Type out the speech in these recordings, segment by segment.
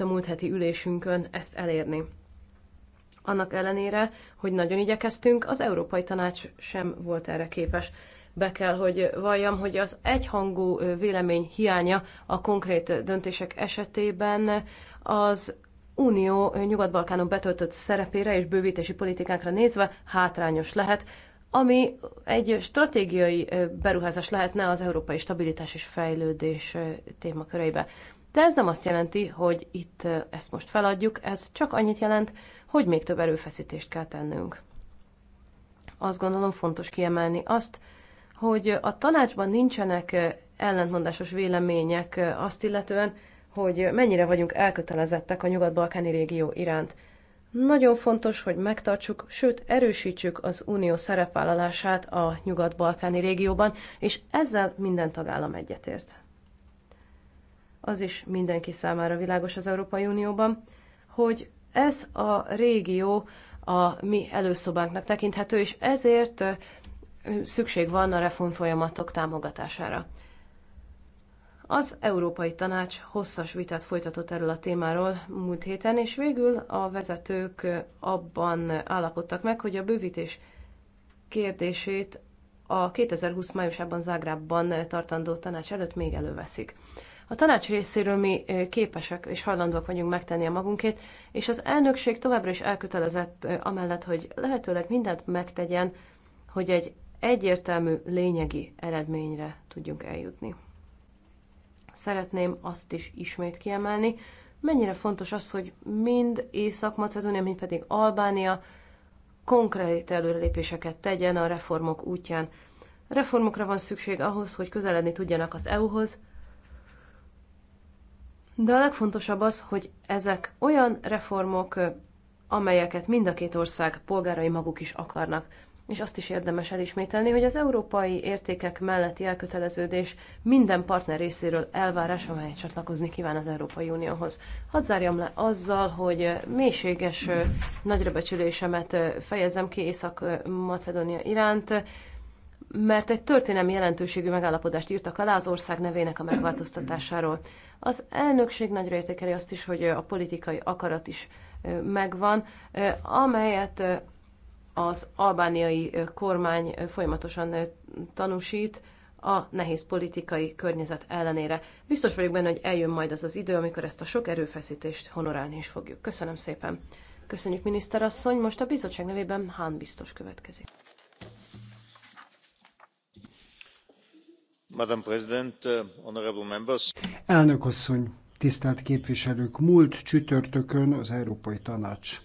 a múlt heti ülésünkön ezt elérni. Annak ellenére, hogy nagyon igyekeztünk, az Európai Tanács sem volt erre képes. Be kell, hogy valljam, hogy az egyhangú vélemény hiánya a konkrét döntések esetében az Unió Nyugat-Balkánon betöltött szerepére és bővítési politikákra nézve hátrányos lehet, ami egy stratégiai beruházás lehetne az európai stabilitás és fejlődés témaköreibe. De ez nem azt jelenti, hogy itt ezt most feladjuk, ez csak annyit jelent, hogy még több erőfeszítést kell tennünk. Azt gondolom fontos kiemelni azt, hogy a tanácsban nincsenek ellentmondásos vélemények azt illetően, hogy mennyire vagyunk elkötelezettek a nyugat-balkáni régió iránt. Nagyon fontos, hogy megtartsuk, sőt erősítsük az unió szerepvállalását a nyugat-balkáni régióban, és ezzel minden tagállam egyetért az is mindenki számára világos az Európai Unióban, hogy ez a régió a mi előszobánknak tekinthető, és ezért szükség van a reformfolyamatok támogatására. Az Európai Tanács hosszas vitát folytatott erről a témáról múlt héten, és végül a vezetők abban állapodtak meg, hogy a bővítés kérdését a 2020 májusában Zágrábban tartandó tanács előtt még előveszik. A tanács részéről mi képesek és hajlandóak vagyunk megtenni a magunkét, és az elnökség továbbra is elkötelezett amellett, hogy lehetőleg mindent megtegyen, hogy egy egyértelmű, lényegi eredményre tudjunk eljutni. Szeretném azt is ismét kiemelni, mennyire fontos az, hogy mind Észak-Macedónia, mind pedig Albánia konkrét előrelépéseket tegyen a reformok útján. Reformokra van szükség ahhoz, hogy közeledni tudjanak az EU-hoz, de a legfontosabb az, hogy ezek olyan reformok, amelyeket mind a két ország polgárai maguk is akarnak. És azt is érdemes elismételni, hogy az európai értékek melletti elköteleződés minden partner részéről elvárás, amely csatlakozni kíván az Európai Unióhoz. Hadd zárjam le azzal, hogy mélységes nagyrabecsülésemet fejezem ki Észak-Macedónia iránt, mert egy történelmi jelentőségű megállapodást írtak alá az ország nevének a megváltoztatásáról. Az elnökség nagyra értékeli azt is, hogy a politikai akarat is megvan, amelyet az albániai kormány folyamatosan tanúsít a nehéz politikai környezet ellenére. Biztos vagyok benne, hogy eljön majd az az idő, amikor ezt a sok erőfeszítést honorálni is fogjuk. Köszönöm szépen. Köszönjük, miniszterasszony. Most a bizottság nevében Hán biztos következik. Uh, Elnök asszony, tisztelt képviselők, múlt csütörtökön az Európai Tanács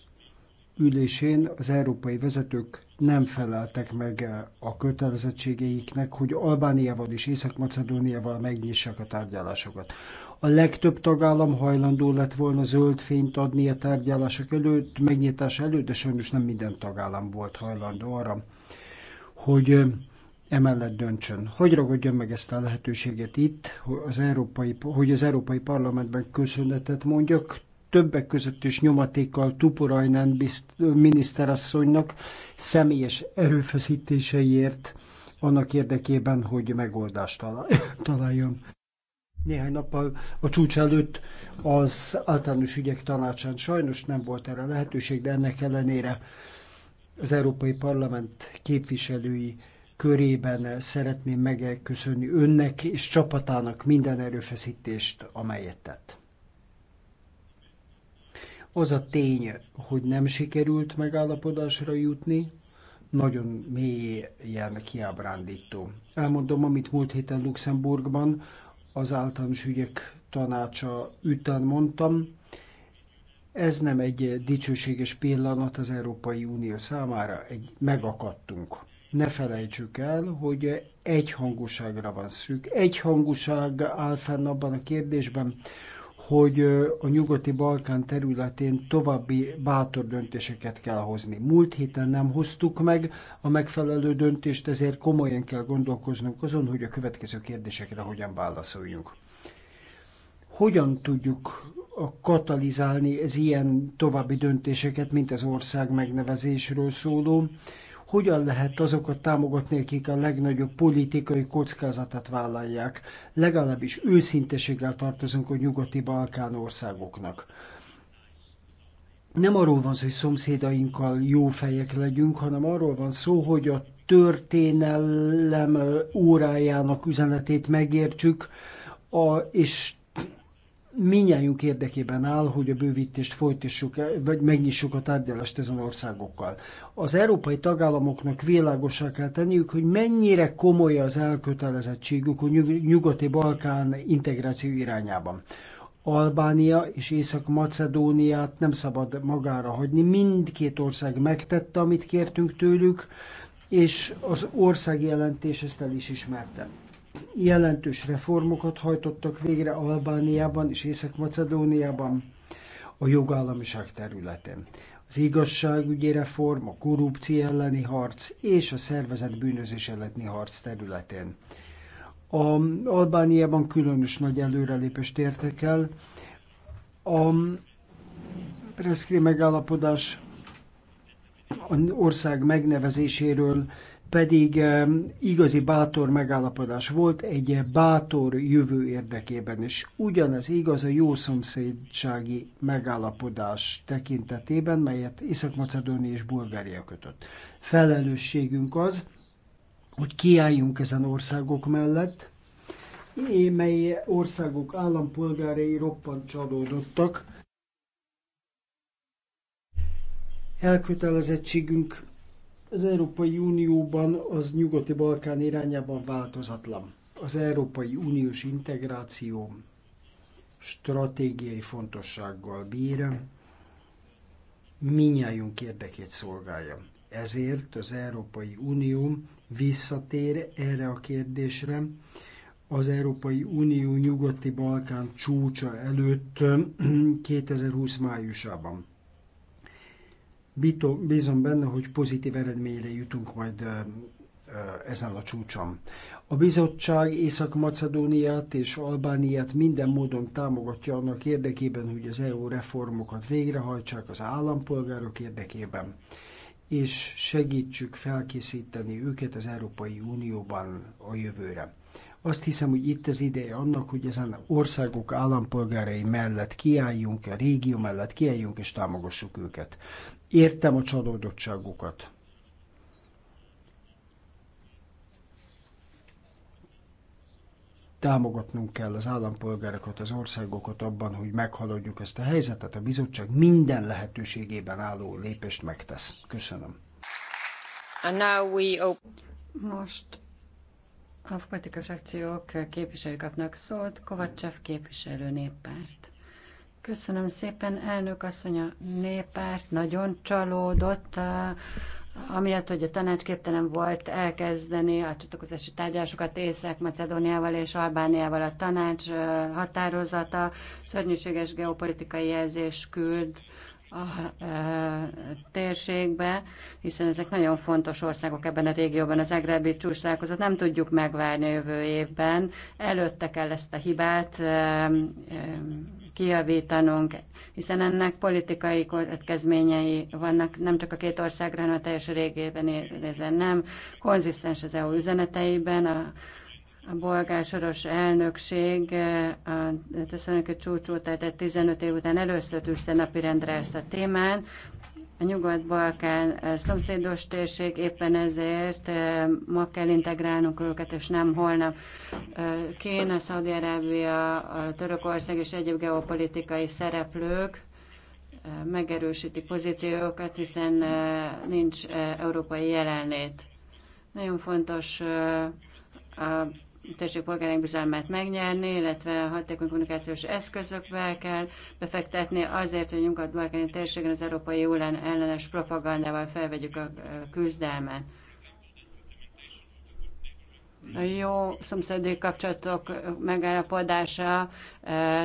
ülésén az európai vezetők nem feleltek meg uh, a kötelezettségeiknek, hogy Albániával és Észak-Macedóniával megnyissák a tárgyalásokat. A legtöbb tagállam hajlandó lett volna zöld fényt adni a tárgyalások előtt, megnyitása előtt, de sajnos nem minden tagállam volt hajlandó arra, hogy uh, emellett döntsön. Hogy ragadjon meg ezt a lehetőséget itt, hogy az Európai, hogy az Európai Parlamentben köszönetet mondjak, többek között is nyomatékkal Tuporajnán miniszterasszonynak személyes erőfeszítéseiért annak érdekében, hogy megoldást találjon. Néhány nappal a csúcs előtt az általános ügyek tanácsán sajnos nem volt erre lehetőség, de ennek ellenére az Európai Parlament képviselői körében szeretném megköszönni önnek és csapatának minden erőfeszítést, amelyet tett. Az a tény, hogy nem sikerült megállapodásra jutni, nagyon mélyen kiábrándító. Elmondom, amit múlt héten Luxemburgban az általános ügyek tanácsa után mondtam. Ez nem egy dicsőséges pillanat az Európai Unió számára, egy megakadtunk ne felejtsük el, hogy egy hangúságra van szük. hangúság áll fenn abban a kérdésben, hogy a nyugati Balkán területén további bátor döntéseket kell hozni. Múlt héten nem hoztuk meg a megfelelő döntést, ezért komolyan kell gondolkoznunk azon, hogy a következő kérdésekre hogyan válaszoljunk. Hogyan tudjuk katalizálni az ilyen további döntéseket, mint az ország megnevezésről szóló hogyan lehet azokat támogatni, akik a legnagyobb politikai kockázatát vállalják. Legalábbis őszinteséggel tartozunk a nyugati Balkán országoknak. Nem arról van szó, hogy szomszédainkkal jó fejek legyünk, hanem arról van szó, hogy a történelem órájának üzenetét megértsük, a, és minnyájunk érdekében áll, hogy a bővítést folytassuk, vagy megnyissuk a tárgyalást ezen országokkal. Az európai tagállamoknak világosá kell tenniük, hogy mennyire komoly az elkötelezettségük a nyugati Balkán integráció irányában. Albánia és Észak-Macedóniát nem szabad magára hagyni. Mindkét ország megtette, amit kértünk tőlük, és az ország jelentés ezt el is ismerte jelentős reformokat hajtottak végre Albániában és Észak-Macedóniában a jogállamiság területén. Az igazságügyi reform, a korrupció elleni harc és a szervezett bűnözés elleni harc területén. A Albániában különös nagy előrelépést értek el. A Preszkri megállapodás ország megnevezéséről pedig igazi bátor megállapodás volt egy bátor jövő érdekében, és ugyanez igaz a jó szomszédsági megállapodás tekintetében, melyet Észak-Macedónia és Bulgária kötött. Felelősségünk az, hogy kiálljunk ezen országok mellett, mely országok állampolgárai roppant csalódottak. Elkötelezettségünk az Európai Unióban az nyugati-balkán irányában változatlan. Az Európai Uniós integráció stratégiai fontossággal bír, minnyájunk érdekét szolgálja. Ezért az Európai Unió visszatér erre a kérdésre, az Európai Unió nyugati Balkán csúcsa előtt 2020 májusában. Bízom benne, hogy pozitív eredményre jutunk majd ezen a csúcson. A bizottság Észak-Macedóniát és Albániát minden módon támogatja annak érdekében, hogy az EU reformokat végrehajtsák az állampolgárok érdekében, és segítsük felkészíteni őket az Európai Unióban a jövőre. Azt hiszem, hogy itt az ideje annak, hogy ezen országok állampolgárai mellett kiálljunk, a régió mellett kiálljunk és támogassuk őket. Értem a csalódottságukat. támogatnunk kell az állampolgárokat, az országokat abban, hogy meghaladjuk ezt a helyzetet. A bizottság minden lehetőségében álló lépést megtesz. Köszönöm. Most a politikai frakciók képviselői kapnak szót, Kovacsev képviselő néppárt. Köszönöm szépen, elnök asszony a néppárt nagyon csalódott, amiatt, hogy a tanács képtelen volt elkezdeni a csatlakozási tárgyalásokat Észak-Macedóniával és Albániával a tanács határozata szörnyűséges geopolitikai jelzés küld a e, térségbe, hiszen ezek nagyon fontos országok ebben a régióban. Az Egrebi csúcs nem tudjuk megvárni a jövő évben. Előtte kell ezt a hibát e, e, kiavítanunk, hiszen ennek politikai következményei vannak nem csak a két országra, hanem a teljes régében érzen nem. Konzisztens az EU üzeneteiben, a a bolgársoros elnökség eh, a Tesszalonika csúcsú, óta, tehát 15 év után először tűzte napirendre ezt a témát. A Nyugat-Balkán eh, szomszédos térség, éppen ezért eh, ma kell integrálnunk őket, és nem holnap. Kína, Szaudi-Arábia, Törökország és egyéb geopolitikai szereplők megerősítik pozíciókat, hiszen nincs európai jelenlét. Nagyon fontos a tessék polgárjánk bizalmát megnyerni, illetve a hatékony kommunikációs eszközökbe kell befektetni azért, hogy nyugat-balkáni térségen az európai ulen ellenes propagandával felvegyük a küzdelmet. A jó szomszédi kapcsolatok megállapodása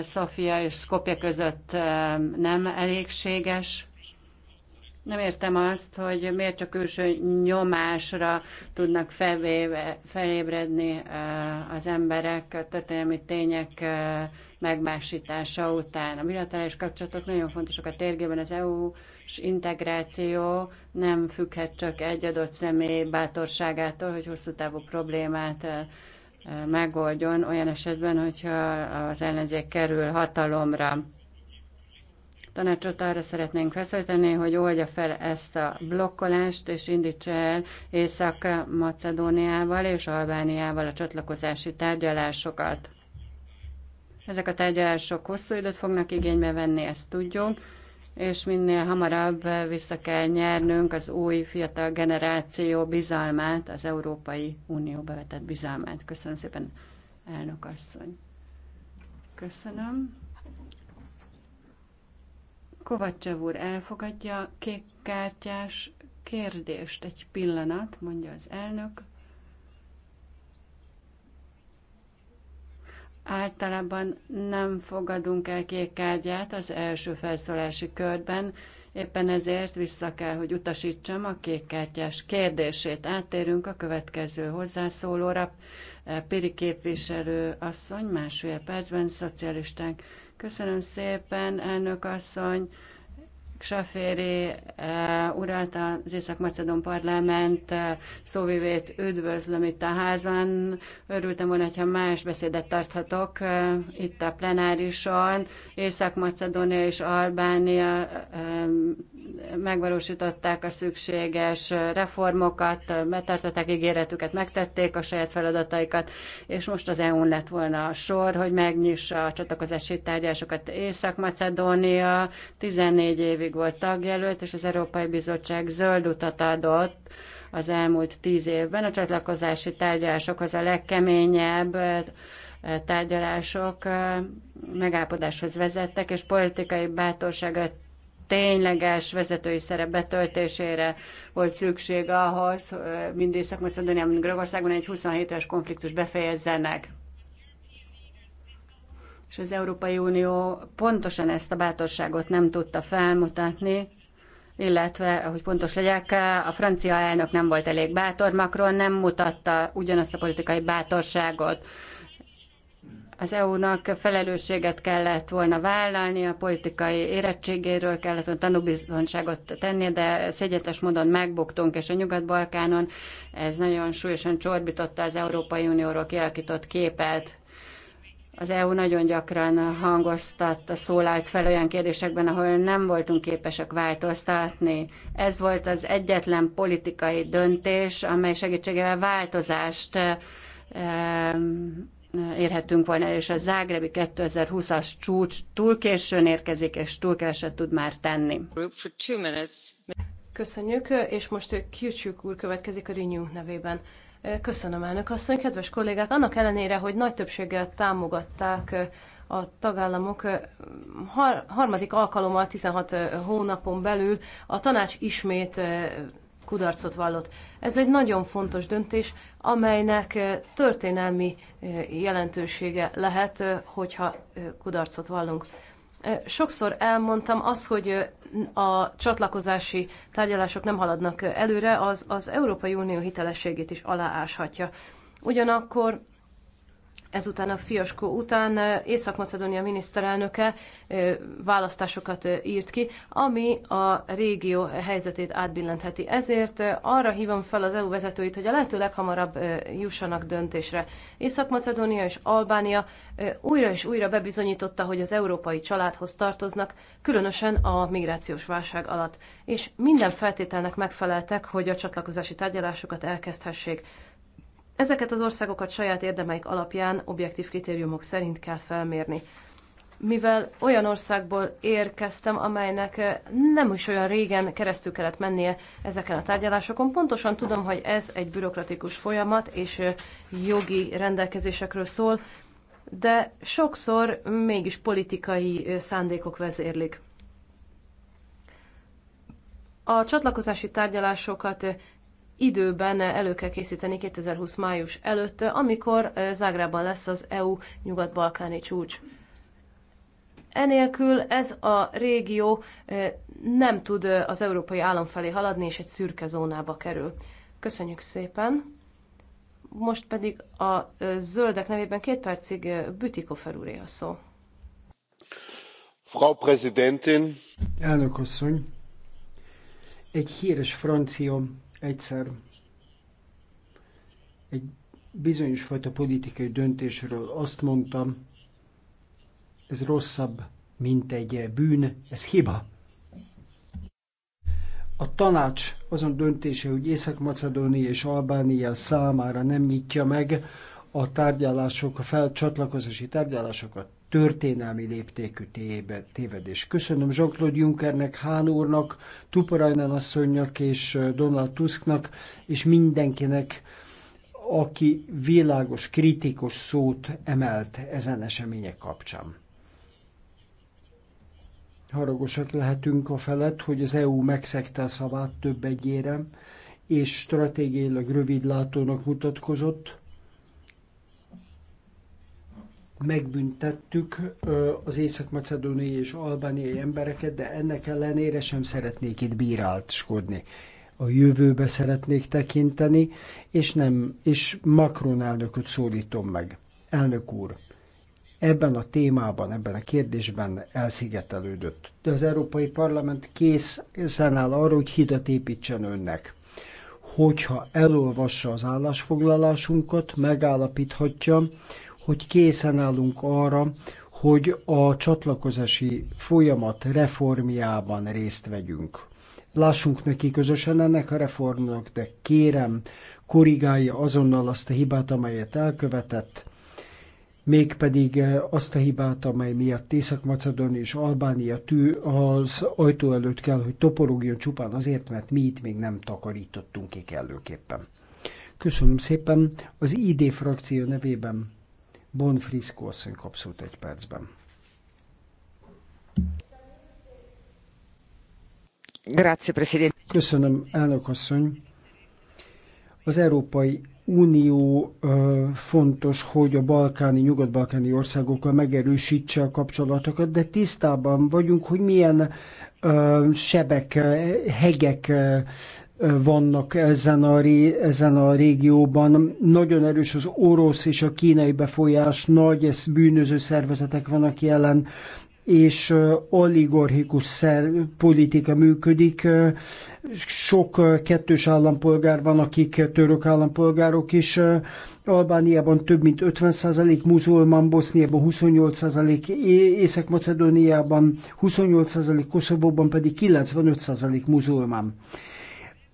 Szofia és Skopje között nem elégséges. Nem értem azt, hogy miért csak külső nyomásra tudnak felvéve, felébredni eh, az emberek a történelmi tények eh, megmásítása után. A bilaterális kapcsolatok nagyon fontosak a térgében, az EU és integráció nem függhet csak egy adott személy bátorságától, hogy hosszú távú problémát eh, megoldjon olyan esetben, hogyha az ellenzék kerül hatalomra tanácsot arra szeretnénk feszíteni, hogy oldja fel ezt a blokkolást, és indítsa el Észak-Macedóniával és Albániával a csatlakozási tárgyalásokat. Ezek a tárgyalások hosszú időt fognak igénybe venni, ezt tudjuk, és minél hamarabb vissza kell nyernünk az új fiatal generáció bizalmát, az Európai Unió bevetett bizalmát. Köszönöm szépen, elnök asszony. Köszönöm. Kovacsev úr elfogadja kártyás kérdést. Egy pillanat, mondja az elnök. Általában nem fogadunk el kártyát az első felszólási körben, éppen ezért vissza kell, hogy utasítsam a kártyás kérdését. Átérünk a következő hozzászólóra. Piri képviselő asszony, másfél percben szocialisták Köszönöm szépen, elnök asszony. Ksaféri eh, urat, az Észak-Macedon Parlament eh, szóvivét üdvözlöm itt a házban. Örültem volna, hogyha más beszédet tarthatok eh, itt a plenárison. Észak-Macedónia és Albánia megvalósították a szükséges reformokat, betartották ígéretüket, megtették a saját feladataikat, és most az EU-n lett volna a sor, hogy megnyissa a csatlakozási tárgyásokat. Észak-Macedónia 14 évig évig volt tagjelölt, és az Európai Bizottság zöld utat adott az elmúlt tíz évben. A csatlakozási tárgyalások az a legkeményebb eh, tárgyalások eh, megállapodáshoz vezettek, és politikai bátorságra tényleges vezetői szerep betöltésére volt szükség ahhoz, eh, mind Észak-Macedóniában, mind Görögországban egy 27 éves konfliktus befejezzenek és az Európai Unió pontosan ezt a bátorságot nem tudta felmutatni, illetve, hogy pontos legyek, a francia elnök nem volt elég bátor, Macron nem mutatta ugyanazt a politikai bátorságot. Az EU-nak felelősséget kellett volna vállalni, a politikai érettségéről kellett volna tanúbizonságot tenni, de szégyetes módon megbuktunk, és a Nyugat-Balkánon ez nagyon súlyosan csorbította az Európai Unióról kialakított képet. Az EU nagyon gyakran hangoztatta, szólalt fel olyan kérdésekben, ahol nem voltunk képesek változtatni. Ez volt az egyetlen politikai döntés, amely segítségével változást eh, érhetünk volna, el, és a Zágrebi 2020-as csúcs túl későn érkezik, és túl keveset tud már tenni. Köszönjük, és most Kircsük úr következik a Renew nevében. Köszönöm, elnök asszony. Kedves kollégák, annak ellenére, hogy nagy többséggel támogatták a tagállamok har- harmadik alkalommal 16 hónapon belül a tanács ismét kudarcot vallott. Ez egy nagyon fontos döntés, amelynek történelmi jelentősége lehet, hogyha kudarcot vallunk. Sokszor elmondtam azt, hogy a csatlakozási tárgyalások nem haladnak előre, az az Európai Unió hitelességét is alááshatja. Ugyanakkor ezután a fiaskó után Észak-Macedónia miniszterelnöke választásokat írt ki, ami a régió helyzetét átbillentheti. Ezért arra hívom fel az EU vezetőit, hogy a lehető leghamarabb jussanak döntésre. Észak-Macedónia és Albánia újra és újra bebizonyította, hogy az európai családhoz tartoznak, különösen a migrációs válság alatt, és minden feltételnek megfeleltek, hogy a csatlakozási tárgyalásokat elkezdhessék. Ezeket az országokat saját érdemeik alapján objektív kritériumok szerint kell felmérni. Mivel olyan országból érkeztem, amelynek eh, nem is olyan régen keresztül kellett mennie ezeken a tárgyalásokon, pontosan tudom, hogy ez egy bürokratikus folyamat és eh, jogi rendelkezésekről szól, de sokszor mégis politikai eh, szándékok vezérlik. A csatlakozási tárgyalásokat időben elő kell készíteni 2020 május előtt, amikor Zágrában lesz az EU nyugat-balkáni csúcs. Enélkül ez a régió nem tud az európai állam felé haladni, és egy szürke zónába kerül. Köszönjük szépen! Most pedig a zöldek nevében két percig Bütiko felúré a szó. Frau Präsidentin! Elnök asszony! Egy híres francia egyszer egy bizonyos fajta politikai döntésről azt mondtam, ez rosszabb, mint egy bűn, ez hiba. A tanács azon döntése, hogy Észak-Macedónia és Albánia számára nem nyitja meg a tárgyalások, a felcsatlakozási tárgyalásokat, történelmi léptékű tévedés. Köszönöm Jean-Claude Junckernek, Hán úrnak, Tuparajnan asszonynak és Donald Tusknak, és mindenkinek, aki világos, kritikus szót emelt ezen események kapcsán. Haragosak lehetünk a felett, hogy az EU megszegte a szavát több egyére, és stratégiailag rövidlátónak mutatkozott, megbüntettük az észak-macedóniai és albániai embereket, de ennek ellenére sem szeretnék itt bíráltskodni. A jövőbe szeretnék tekinteni, és, nem, és Macron elnököt szólítom meg. Elnök úr, ebben a témában, ebben a kérdésben elszigetelődött. De az Európai Parlament készen áll arra, hogy hidat építsen önnek. Hogyha elolvassa az állásfoglalásunkat, megállapíthatja, hogy készen állunk arra, hogy a csatlakozási folyamat reformjában részt vegyünk. Lássunk neki közösen ennek a reformnak, de kérem, korrigálja azonnal azt a hibát, amelyet elkövetett, mégpedig azt a hibát, amely miatt Észak-Macedónia és Albánia tű az ajtó előtt kell, hogy toporogjon csupán azért, mert mi itt még nem takarítottunk ki kellőképpen. Köszönöm szépen, az ID frakció nevében Bon Frisco asszony kapszult egy percben. Grazie, Presidente. Köszönöm, elnök asszony. Az Európai Unió fontos, hogy a balkáni, nyugat-balkáni országokkal megerősítse a kapcsolatokat, de tisztában vagyunk, hogy milyen sebek, hegek vannak ezen a, ré, ezen a régióban. Nagyon erős az orosz és a kínai befolyás, nagy ez bűnöző szervezetek vannak jelen, és oligarchikus szer politika működik. Sok kettős állampolgár van, akik török állampolgárok is. Albániában több mint 50% muzulmán, Boszniában 28%, Észak-Macedóniában 28%, Koszovóban pedig 95% muzulmán.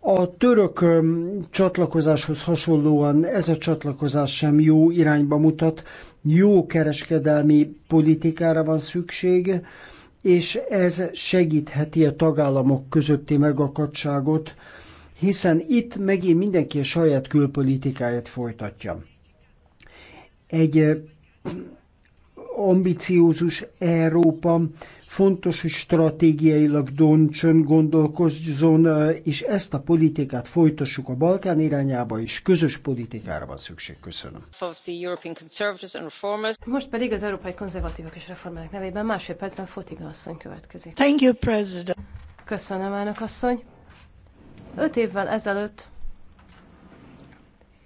A török csatlakozáshoz hasonlóan ez a csatlakozás sem jó irányba mutat, jó kereskedelmi politikára van szükség, és ez segítheti a tagállamok közötti megakadságot, hiszen itt megint mindenki a saját külpolitikáját folytatja. Egy ambiciózus Európa Fontos, hogy stratégiailag döntsön, gondolkozzon, és ezt a politikát folytassuk a Balkán irányába, és közös politikára van szükség. Köszönöm. Most pedig az Európai Konzervatívok és Reformerek nevében másfél percben Fotiga asszony következik. Thank you, President. Köszönöm, elnök asszony. Öt évvel ezelőtt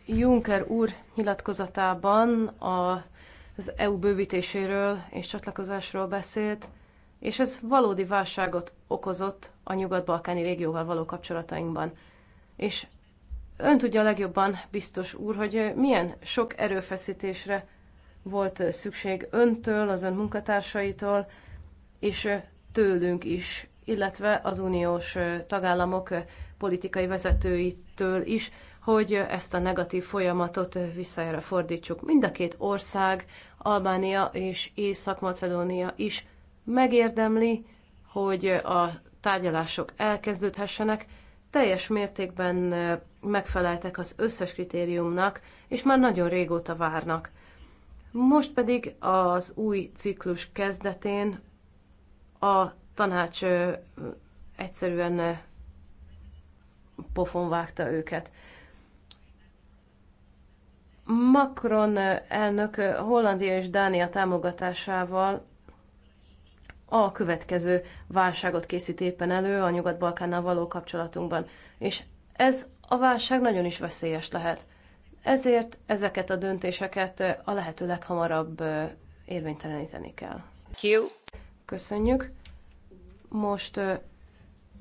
Juncker úr nyilatkozatában a, az EU bővítéséről és csatlakozásról beszélt, és ez valódi válságot okozott a nyugat-balkáni régióval való kapcsolatainkban. És ön tudja legjobban, biztos úr, hogy milyen sok erőfeszítésre volt szükség öntől, az ön munkatársaitól, és tőlünk is, illetve az uniós tagállamok politikai vezetőitől is, hogy ezt a negatív folyamatot visszajára fordítsuk. Mind a két ország, Albánia és Észak-Macedónia is megérdemli, hogy a tárgyalások elkezdődhessenek, teljes mértékben megfeleltek az összes kritériumnak, és már nagyon régóta várnak. Most pedig az új ciklus kezdetén a tanács egyszerűen pofon vágta őket. Macron elnök Hollandia és Dánia támogatásával a következő válságot készít éppen elő a Nyugat-Balkánnal való kapcsolatunkban. És ez a válság nagyon is veszélyes lehet. Ezért ezeket a döntéseket a lehető leghamarabb érvényteleníteni kell. Köszönjük. Most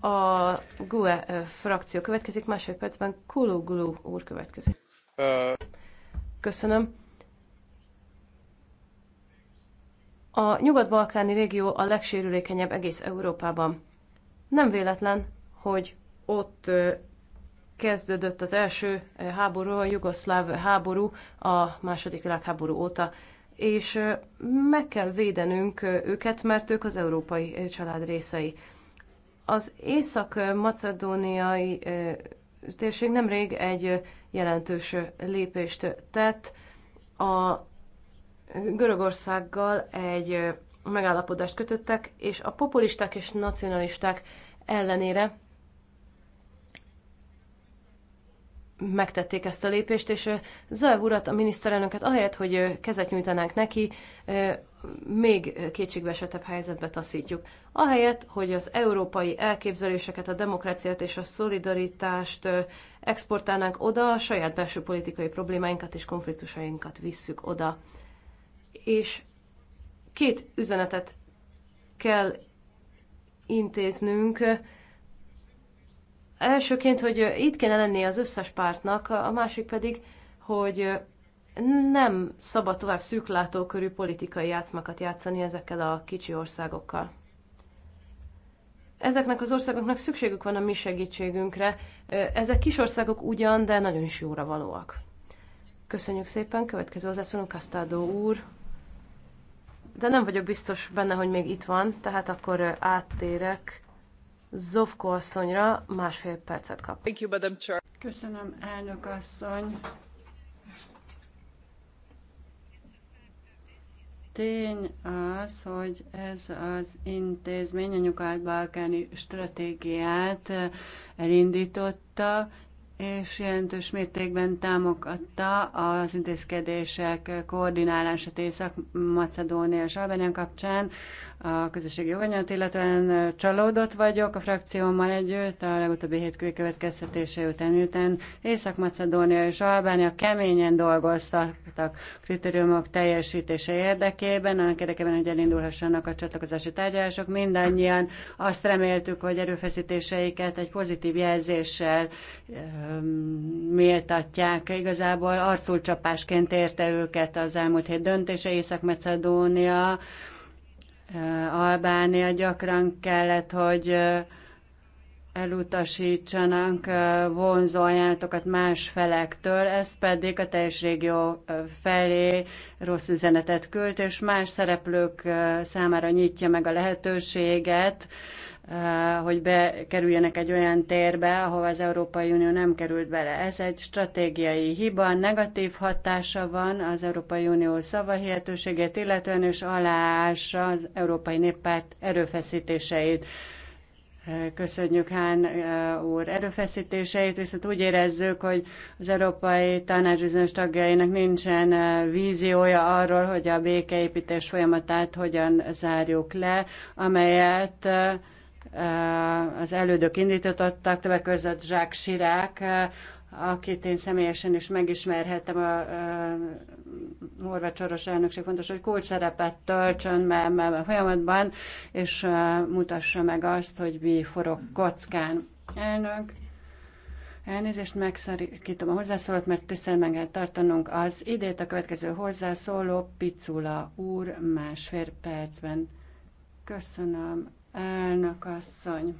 a GUE frakció következik, másfél percben Gulu úr következik. Köszönöm. A nyugat-balkáni régió a legsérülékenyebb egész Európában. Nem véletlen, hogy ott kezdődött az első háború, a jugoszláv háború a második világháború óta, és meg kell védenünk őket, mert ők az európai család részei. Az észak-macedóniai térség nemrég egy jelentős lépést tett a Görögországgal egy megállapodást kötöttek, és a populisták és nacionalisták ellenére megtették ezt a lépést, és Zaev urat, a miniszterelnöket, ahelyett, hogy kezet nyújtanánk neki, még kétségbeesettebb helyzetbe taszítjuk. Ahelyett, hogy az európai elképzeléseket, a demokráciát és a szolidaritást exportálnánk oda, a saját belső politikai problémáinkat és konfliktusainkat visszük oda és két üzenetet kell intéznünk. Elsőként, hogy itt kéne lenni az összes pártnak, a másik pedig, hogy nem szabad tovább szűklátókörű politikai játszmakat játszani ezekkel a kicsi országokkal. Ezeknek az országoknak szükségük van a mi segítségünkre. Ezek kis országok ugyan, de nagyon is jóra valóak. Köszönjük szépen, következő az hozzászólunk Kasztádó úr de nem vagyok biztos benne, hogy még itt van, tehát akkor áttérek Zovko asszonyra, másfél percet kap. Thank you, Madam Chair. Köszönöm, elnök asszony. Tény az, hogy ez az intézmény a nyugat-balkáni stratégiát elindította, és jelentős mértékben támogatta az intézkedések koordinálását Észak-Macedónia és Albánia kapcsán, a közösségi joganyat, illetően csalódott vagyok a frakciómmal együtt a legutóbbi hétkő következtetése után, miután Észak-Macedónia és Albánia keményen dolgoztak kritériumok teljesítése érdekében, annak érdekében, hogy elindulhassanak a csatlakozási tárgyalások. Mindannyian azt reméltük, hogy erőfeszítéseiket egy pozitív jelzéssel méltatják. Igazából arculcsapásként érte őket az elmúlt hét döntése Észak-Macedónia, Albánia gyakran kellett, hogy elutasítsanak vonzó ajánlatokat más felektől, ez pedig a teljes régió felé rossz üzenetet küld, és más szereplők számára nyitja meg a lehetőséget, hogy bekerüljenek egy olyan térbe, ahova az Európai Unió nem került bele. Ez egy stratégiai hiba, negatív hatása van az Európai Unió szavahihetőségét, illetően és aláássa az Európai Néppárt erőfeszítéseit. Köszönjük Hán úr erőfeszítéseit, viszont úgy érezzük, hogy az Európai Tanács bizonyos tagjainak nincsen víziója arról, hogy a békeépítés folyamatát hogyan zárjuk le, amelyet az elődök indítottak, többek között zsák Sirák, akit én személyesen is megismerhettem, a, a Horváth Soros elnökség fontos, hogy kulcs szerepet töltsön mert, a folyamatban, és a, mutassa meg azt, hogy mi forog kockán. Elnök, elnézést megszakítom a hozzászólót, mert tisztelt meg kell tartanunk az idét. A következő hozzászóló Picula úr másfél percben. Köszönöm, elnök asszony.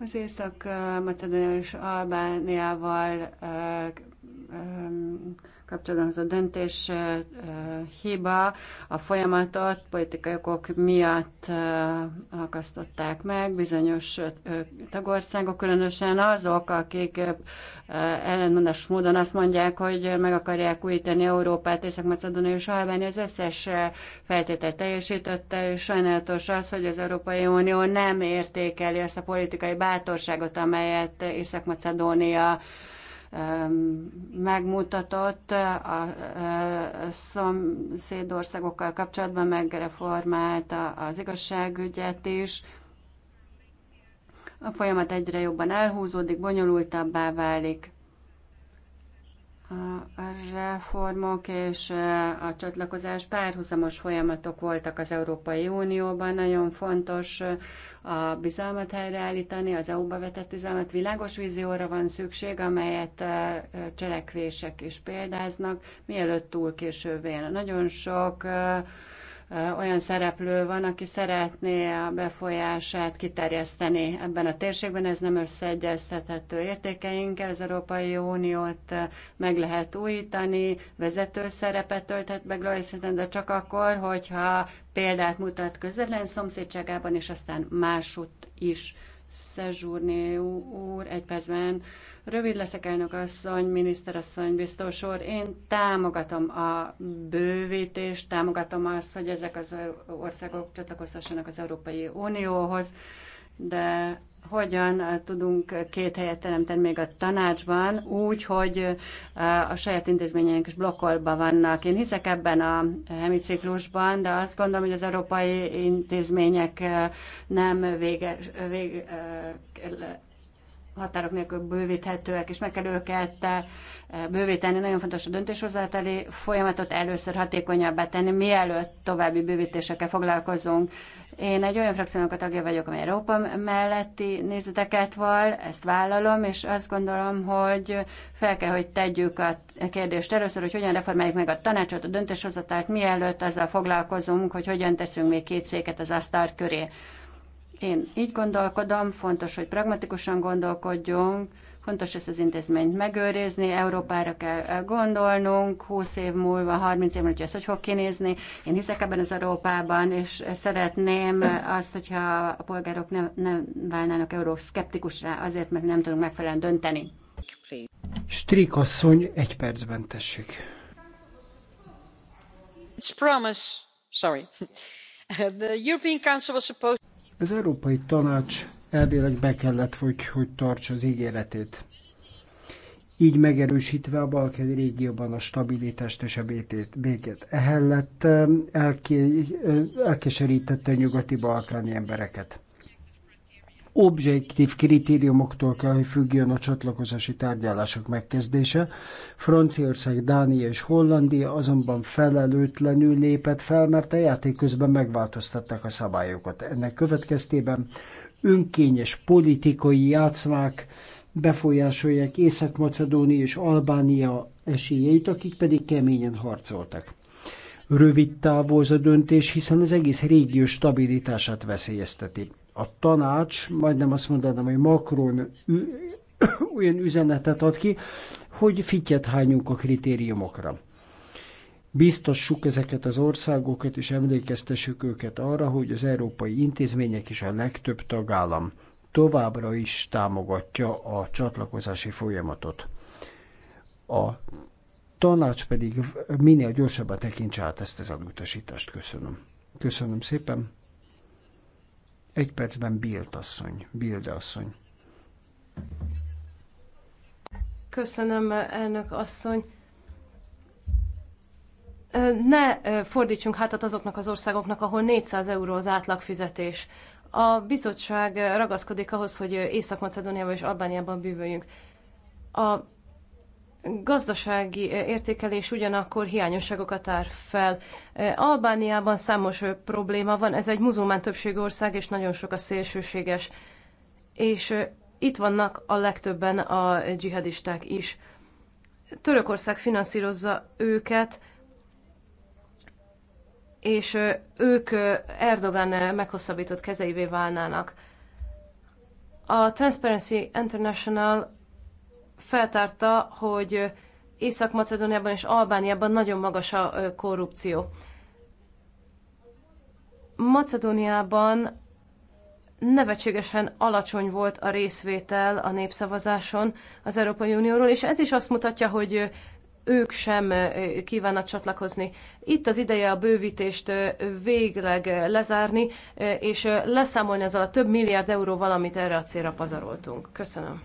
Az Észak-Macedónia és Albániával kapcsolatban az a döntés hiba, a folyamatot politikai okok miatt akasztották meg bizonyos tagországok, különösen azok, akik ellentmondás módon azt mondják, hogy meg akarják újítani Európát, Észak-Macedónia és Albánia az összes feltételt teljesítette, és sajnálatos az, hogy az Európai Unió nem értékeli azt a politikai bátorságot, amelyet Észak-Macedónia megmutatott a szomszédországokkal kapcsolatban, megreformálta az igazságügyet is. A folyamat egyre jobban elhúzódik, bonyolultabbá válik. A reformok és a csatlakozás párhuzamos folyamatok voltak az Európai Unióban. Nagyon fontos a bizalmat helyreállítani, az EU-ba vetett bizalmat. Világos vízióra van szükség, amelyet cselekvések is példáznak, mielőtt túl késővén. Nagyon sok olyan szereplő van, aki szeretné a befolyását kiterjeszteni ebben a térségben. Ez nem összeegyeztethető értékeinkkel. Az Európai Uniót meg lehet újítani, vezető szerepet tölthet be Glory de csak akkor, hogyha példát mutat közvetlen szomszédságában, és aztán másút is. Szezsúrné úr, egy percben Rövid leszek, elnök asszony, asszony, biztos úr. Én támogatom a bővítést, támogatom azt, hogy ezek az országok csatlakozhassanak az Európai Unióhoz, de hogyan tudunk két helyet teremteni még a tanácsban, úgy, hogy eh, a saját intézményeink is blokkolban vannak. Én hiszek ebben a hemiciklusban, de azt gondolom, hogy az európai intézmények eh, nem vége, vége eh, határok nélkül bővíthetőek, és meg kell őket eh, bővíteni. Nagyon fontos a döntéshozatali folyamatot először hatékonyabbá tenni, mielőtt további bővítésekkel foglalkozunk. Én egy olyan frakciónak a tagja vagyok, amely Európa melletti nézeteket val, ezt vállalom, és azt gondolom, hogy fel kell, hogy tegyük a kérdést először, hogy hogyan reformáljuk meg a tanácsot, a döntéshozatát, mielőtt azzal foglalkozunk, hogy hogyan teszünk még két széket az asztal köré. Én így gondolkodom, fontos, hogy pragmatikusan gondolkodjunk, fontos ezt az intézményt megőrizni, Európára kell gondolnunk, 20 év múlva, 30 év múlva, hogy ezt hogy fog kinézni. Én hiszek ebben az Európában, és szeretném azt, hogyha a polgárok nem, nem válnának euró-szkeptikusra azért, mert nem tudunk megfelelően dönteni. Strik asszony, egy percben tessék. It's promise. Sorry. The European Council was supposed az Európai Tanács elvileg be kellett, hogy, hogy tartsa az ígéretét. Így megerősítve a balkáni régióban a stabilitást és a békét. Ehellett eh, elké, eh, elkeserítette a nyugati balkáni embereket objektív kritériumoktól kell, hogy függjön a csatlakozási tárgyalások megkezdése. Franciaország, Dánia és Hollandia azonban felelőtlenül lépett fel, mert a játék közben megváltoztatták a szabályokat. Ennek következtében önkényes politikai játszmák befolyásolják Észak-Macedónia és Albánia esélyeit, akik pedig keményen harcoltak. Rövid távú az a döntés, hiszen az egész régió stabilitását veszélyezteti a tanács, majdnem azt mondanám, hogy Macron olyan üzenetet ad ki, hogy fityet hányunk a kritériumokra. Biztassuk ezeket az országokat, és emlékeztessük őket arra, hogy az európai intézmények is a legtöbb tagállam továbbra is támogatja a csatlakozási folyamatot. A tanács pedig minél gyorsabban tekintse át ezt az elutasítást. Köszönöm. Köszönöm szépen. Egy percben Bild asszony, Bilde asszony. Köszönöm, elnök asszony. Ne fordítsunk hátat azoknak az országoknak, ahol 400 euró az átlagfizetés. A bizottság ragaszkodik ahhoz, hogy Észak-Macedóniában és Albániában bűvöljünk. A gazdasági eh, értékelés ugyanakkor hiányosságokat tár fel. Eh, Albániában számos eh, probléma van, ez egy muzulmán többségű ország, és nagyon sok a szélsőséges. És itt vannak a legtöbben a dzsihadisták is. Törökország finanszírozza őket, és ők Erdogan meghosszabbított kezeivé válnának. A Transparency International feltárta, hogy Észak-Macedóniában és Albániában nagyon magas a korrupció. Macedóniában nevetségesen alacsony volt a részvétel a népszavazáson az Európai Unióról, és ez is azt mutatja, hogy ők sem kívánnak csatlakozni. Itt az ideje a bővítést végleg lezárni, és leszámolni ezzel a több milliárd euró valamit erre a célra pazaroltunk. Köszönöm.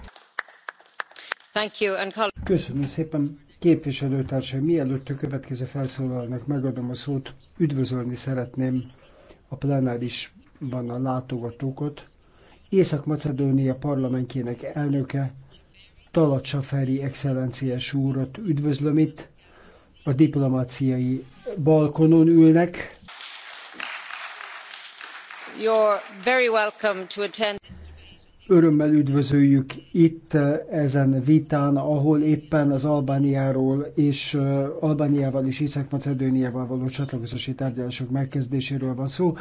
Köszönöm szépen, képviselőtársaim. Mielőtt a következő felszólalnak megadom a szót, üdvözölni szeretném a plenárisban a látogatókat. Észak-Macedónia parlamentjének elnöke, Talacsa Feri excellenciás úrat üdvözlöm itt. A diplomáciai balkonon ülnek. You're very welcome to attend. Örömmel üdvözöljük itt eh, ezen vitán, ahol éppen az Albániáról és eh, Albániával és Észak-Macedóniával való csatlakozási tárgyalások megkezdéséről van szó.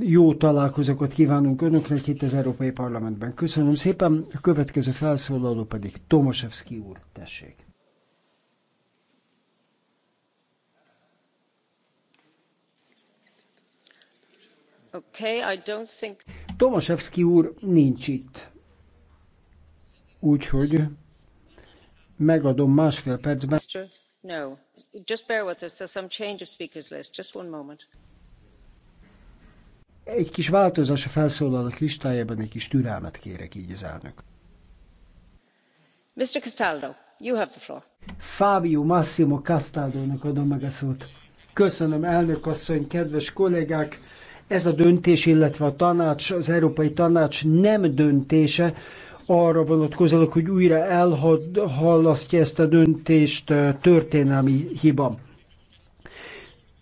Jó találkozókat kívánunk Önöknek itt az Európai Parlamentben. Köszönöm szépen. A következő felszólaló pedig Tomaszewski úr. Tessék. Tomaszewski úr nincs itt. Úgyhogy megadom másfél percben. No, just bear with us, there's some change of speakers list. Just one moment. Egy kis változás a felszólalat listájában, egy kis türelmet kérek így az elnök. Mr. Castaldo, you have the floor. Fábio Massimo Castaldo-nak adom meg a szót. Köszönöm, elnök asszony, kedves kollégák! ez a döntés, illetve a tanács, az Európai Tanács nem döntése arra vonatkozólag, hogy újra elhalasztja ezt a döntést történelmi hiba.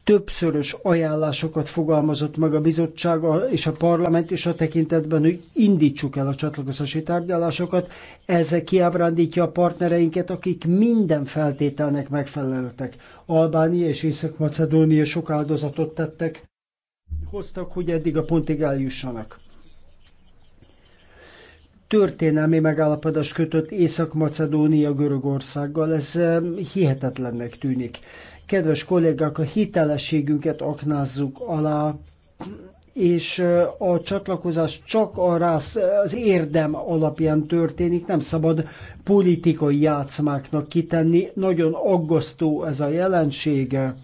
Többszörös ajánlásokat fogalmazott meg a bizottság és a parlament és a tekintetben, hogy indítsuk el a csatlakozási tárgyalásokat. Ez kiábrándítja a partnereinket, akik minden feltételnek megfeleltek. Albánia és Észak-Macedónia sok áldozatot tettek hoztak, hogy eddig a pontig eljussanak. Történelmi megállapodás kötött Észak-Macedónia Görögországgal, ez eh, hihetetlennek tűnik. Kedves kollégák, a hitelességünket aknázzuk alá, és eh, a csatlakozás csak arra eh, az érdem alapján történik, nem szabad politikai játszmáknak kitenni. Nagyon aggasztó ez a jelensége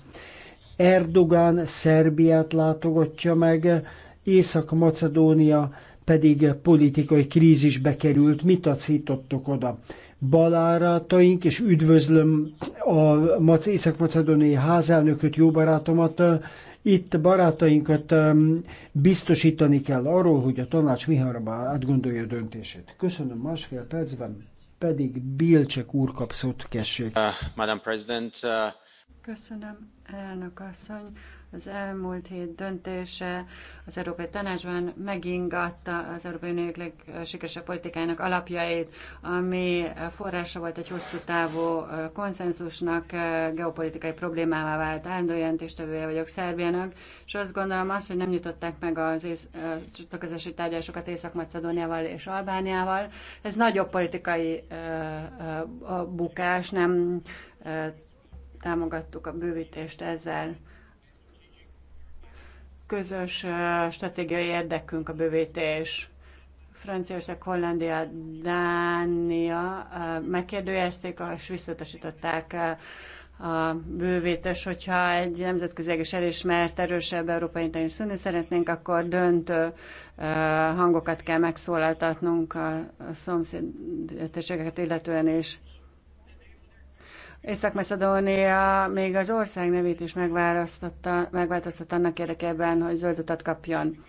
Erdogán Szerbiát látogatja meg, Észak-Macedónia pedig politikai krízisbe került, mit acítottok oda? Balárátaink, és üdvözlöm a Észak-Macedóniai házelnököt, jó barátomat, itt barátainkat biztosítani kell arról, hogy a tanács mihamarabb átgondolja a döntését. Köszönöm másfél percben, pedig Bilcsek úr kap szót, kessék. Uh, Madam President, uh... Köszönöm, elnök asszony. Az elmúlt hét döntése az Európai Tanácsban megingatta az Európai Uniók legsikeresebb politikájának alapjait, ami forrása volt egy hosszú távú konszenzusnak, geopolitikai problémává vált. Állandó jelentéstevője vagyok Szerbiának, és azt gondolom azt, hogy nem nyitották meg az csatlakozási tárgyalásokat Észak-Macedóniával és Albániával. Ez nagyobb politikai bukás, nem támogattuk a bővítést ezzel. Közös stratégiai érdekünk a bővítés. Franciaország, Hollandia, Dánia megkérdőjelezték és visszautasították a bővítés, hogyha egy nemzetközileg is elismert, erősebb európai intézmény szeretnénk, akkor döntő hangokat kell megszólaltatnunk a szomszéd illetően is. Észak-Macedónia még az ország nevét is megváltoztatta annak érdekében, hogy zöld utat kapjon.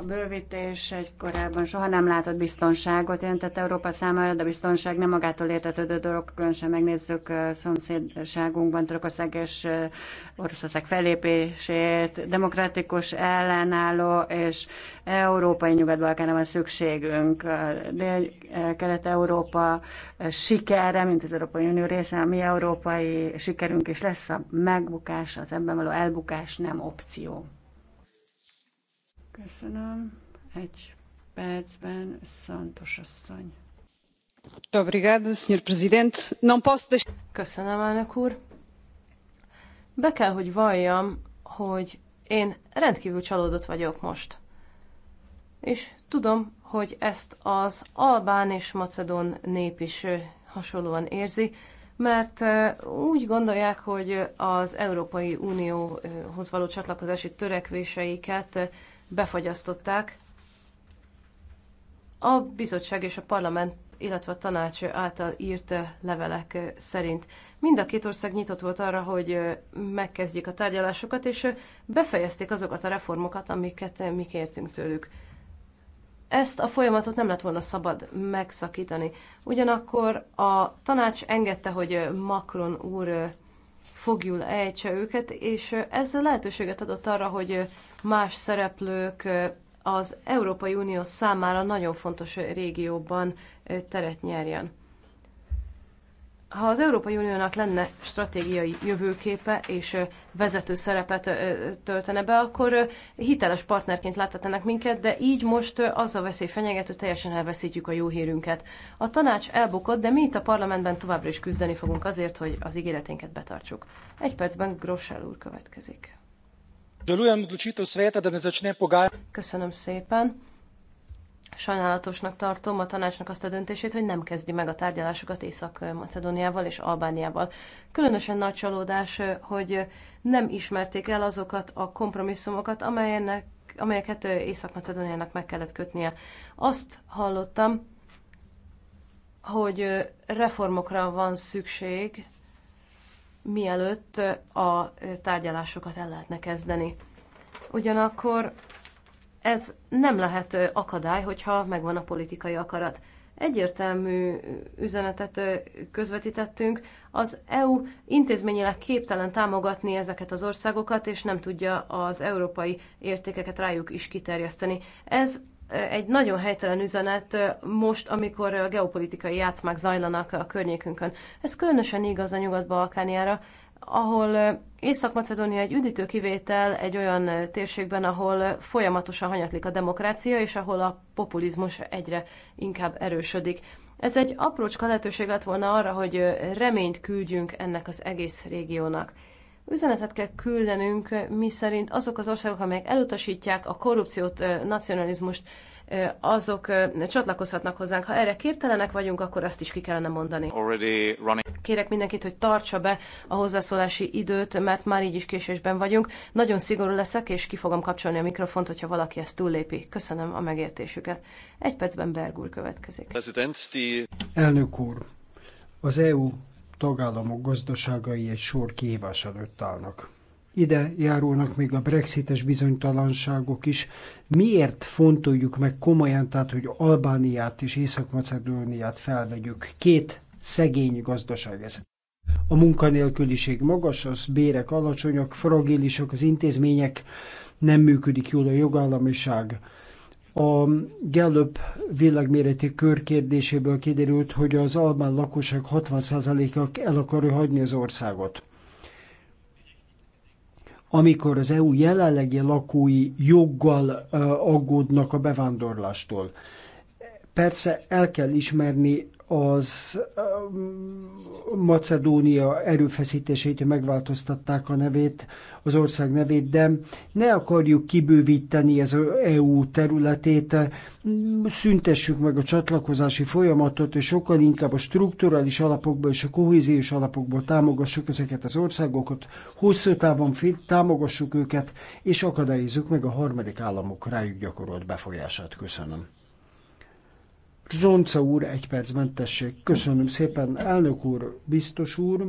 A bővítés egy korábban soha nem látott biztonságot jelentett Európa számára, de a biztonság nem magától értetődő dolog, különösen megnézzük szomszédságunkban Törökország és Oroszország felépését, demokratikus, ellenálló és európai nyugat-balkára van szükségünk. Dél-Kelet-Európa sikere, mint az Európai Unió része, a mi európai sikerünk is lesz a megbukás, az ebben való elbukás nem opció. Köszönöm. Egy percben Szantos asszony. Köszönöm, elnök úr. Be kell, hogy valljam, hogy én rendkívül csalódott vagyok most. És tudom, hogy ezt az albán és macedon nép is hasonlóan érzi, mert úgy gondolják, hogy az Európai Unióhoz való csatlakozási törekvéseiket befagyasztották. A bizottság és a parlament, illetve a tanács által írt levelek szerint. Mind a két ország nyitott volt arra, hogy megkezdjék a tárgyalásokat, és befejezték azokat a reformokat, amiket mi kértünk tőlük. Ezt a folyamatot nem lett volna szabad megszakítani. Ugyanakkor a tanács engedte, hogy Macron úr fogjul ejtse őket, és ez lehetőséget adott arra, hogy más szereplők az Európai Unió számára nagyon fontos régióban teret nyerjen. Ha az Európai Uniónak lenne stratégiai jövőképe és vezető szerepet töltene be, akkor hiteles partnerként láthatnának minket, de így most az a veszély fenyeget, hogy teljesen elveszítjük a jó hírünket. A tanács elbukott, de mi itt a parlamentben továbbra is küzdeni fogunk azért, hogy az ígéreténket betartsuk. Egy percben Grossel úr következik. Köszönöm szépen. Sajnálatosnak tartom a tanácsnak azt a döntését, hogy nem kezdi meg a tárgyalásokat Észak-Macedóniával és Albániával. Különösen nagy csalódás, hogy nem ismerték el azokat a kompromisszumokat, amelyenek, amelyeket Észak-Macedóniának meg kellett kötnie. Azt hallottam, hogy reformokra van szükség, mielőtt a tárgyalásokat el lehetne kezdeni. Ugyanakkor ez nem lehet akadály, hogyha megvan a politikai akarat. Egyértelmű üzenetet közvetítettünk. Az EU intézményileg képtelen támogatni ezeket az országokat, és nem tudja az európai értékeket rájuk is kiterjeszteni. Ez egy nagyon helytelen üzenet most, amikor a geopolitikai játszmák zajlanak a környékünkön. Ez különösen igaz a nyugat-balkániára, ahol Észak-Macedónia egy üdítő kivétel egy olyan térségben, ahol folyamatosan hanyatlik a demokrácia, és ahol a populizmus egyre inkább erősödik. Ez egy aprócska lehetőség lett volna arra, hogy reményt küldjünk ennek az egész régiónak. Üzenetet kell küldenünk, mi szerint azok az országok, amelyek elutasítják a korrupciót, nacionalizmust, azok csatlakozhatnak hozzánk. Ha erre képtelenek vagyunk, akkor azt is ki kellene mondani. Kérek mindenkit, hogy tartsa be a hozzászólási időt, mert már így is késésben vagyunk. Nagyon szigorú leszek, és ki fogom kapcsolni a mikrofont, hogyha valaki ezt túllépi. Köszönöm a megértésüket. Egy percben Bergúr következik. Elnök úr, az EU tagállamok gazdaságai egy sor kihívás előtt állnak ide járulnak még a brexites bizonytalanságok is. Miért fontoljuk meg komolyan, tehát, hogy Albániát és Észak-Macedóniát felvegyük? Két szegény gazdaság ez. A munkanélküliség magas, az bérek alacsonyak, fragilisok, az intézmények nem működik jól a jogállamiság. A Gallup világméreti körkérdéséből kiderült, hogy az albán lakosság 60%-a el akarja hagyni az országot amikor az EU jelenlegi lakói joggal aggódnak a bevándorlástól. Persze el kell ismerni az um, Macedónia hogy megváltoztatták a nevét, az ország nevét, de ne akarjuk kibővíteni az EU területét, szüntessük meg a csatlakozási folyamatot, és sokkal inkább a strukturális alapokból és a kohéziós alapokból támogassuk ezeket az országokat, hosszú távon támogassuk őket, és akadályozzuk meg a harmadik államok rájuk gyakorolt befolyását. Köszönöm. Zsonca úr, egy perc mentesség. Köszönöm szépen, elnök úr, biztos úr.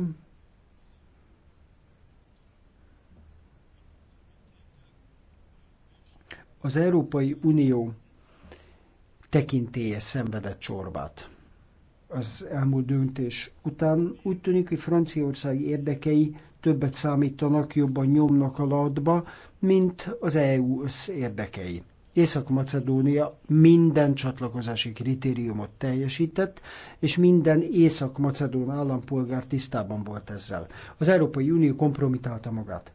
Az Európai Unió tekintéje szenvedett csorbát. Az elmúlt döntés után úgy tűnik, hogy Franciaország érdekei többet számítanak, jobban nyomnak a alatba, mint az EU összérdekei. Észak-Macedónia minden csatlakozási kritériumot teljesített, és minden észak-macedón állampolgár tisztában volt ezzel. Az Európai Unió kompromitálta magát.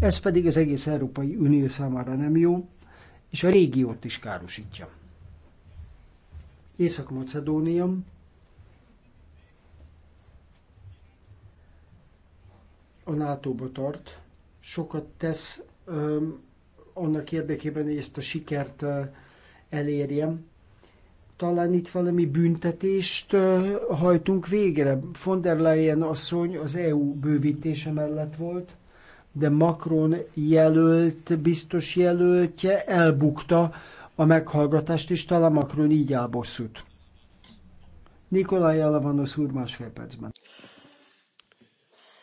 Ez pedig az egész Európai Unió számára nem jó, és a régiót is károsítja. Észak-Macedónia a NATO-ba tart, sokat tesz um, annak érdekében, hogy ezt a sikert uh, elérjem. Talán itt valami büntetést uh, hajtunk végre. Von der Leyen asszony az EU bővítése mellett volt, de Macron jelölt, biztos jelöltje elbukta a meghallgatást, és talán Macron így áll bosszút. Nikolaj Alavanos úr másfél percben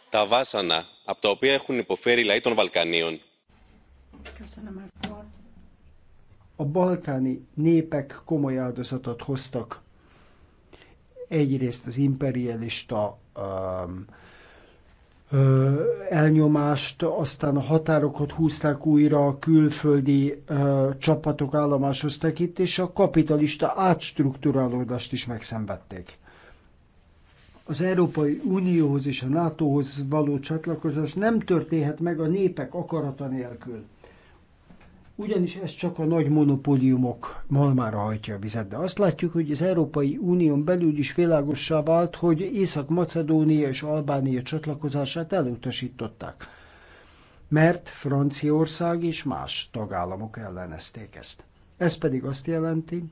τα βάσανα από τα οποία έχουν υποφέρει οι λαοί των Βαλκανίων. a balkáni népek komoly áldozatot hoztak. Egyrészt az imperialista um, ö, elnyomást, aztán a határokat húzták újra, a külföldi ö, csapatok állomásoztak itt, és a kapitalista átstruktúrálódást is megszenvedték az Európai Unióhoz és a NATO-hoz való csatlakozás nem történhet meg a népek akarata nélkül. Ugyanis ez csak a nagy monopóliumok malmára hajtja a vizet. De azt látjuk, hogy az Európai Unión belül is világossá vált, hogy Észak-Macedónia és Albánia csatlakozását elutasították. Mert Franciaország és más tagállamok ellenezték ezt. Ez pedig azt jelenti,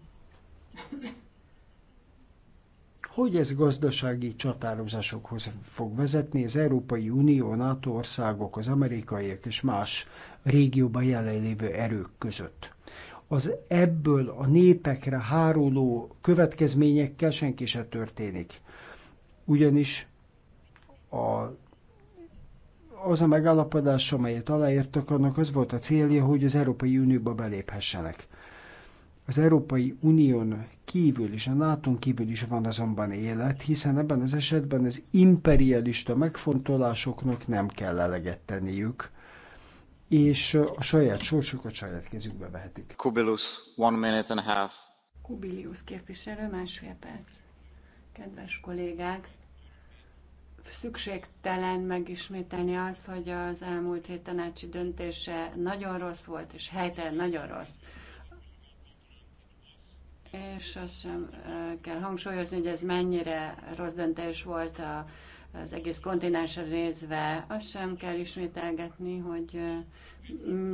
hogy ez gazdasági csatározásokhoz fog vezetni az Európai Unió, NATO országok, az amerikaiak és más régióban jelenlévő erők között. Az ebből a népekre háruló következményekkel senki se történik. Ugyanis a, az a megállapodás, amelyet aláírtak, annak az volt a célja, hogy az Európai Unióba beléphessenek. Az Európai Unión kívül és a nato kívül is van azonban élet, hiszen ebben az esetben az imperialista megfontolásoknak nem kell eleget tenniük, és a saját sorsukat saját kezükbe vehetik. Kubilus, one minute and a half. Kubilius képviselő, másfél perc. Kedves kollégák, szükségtelen megismételni azt, hogy az elmúlt hét tanácsi döntése nagyon rossz volt, és helytelen nagyon rossz és azt sem eh, kell hangsúlyozni, hogy ez mennyire rossz döntés volt a az egész kontinensre nézve azt sem kell ismételgetni, hogy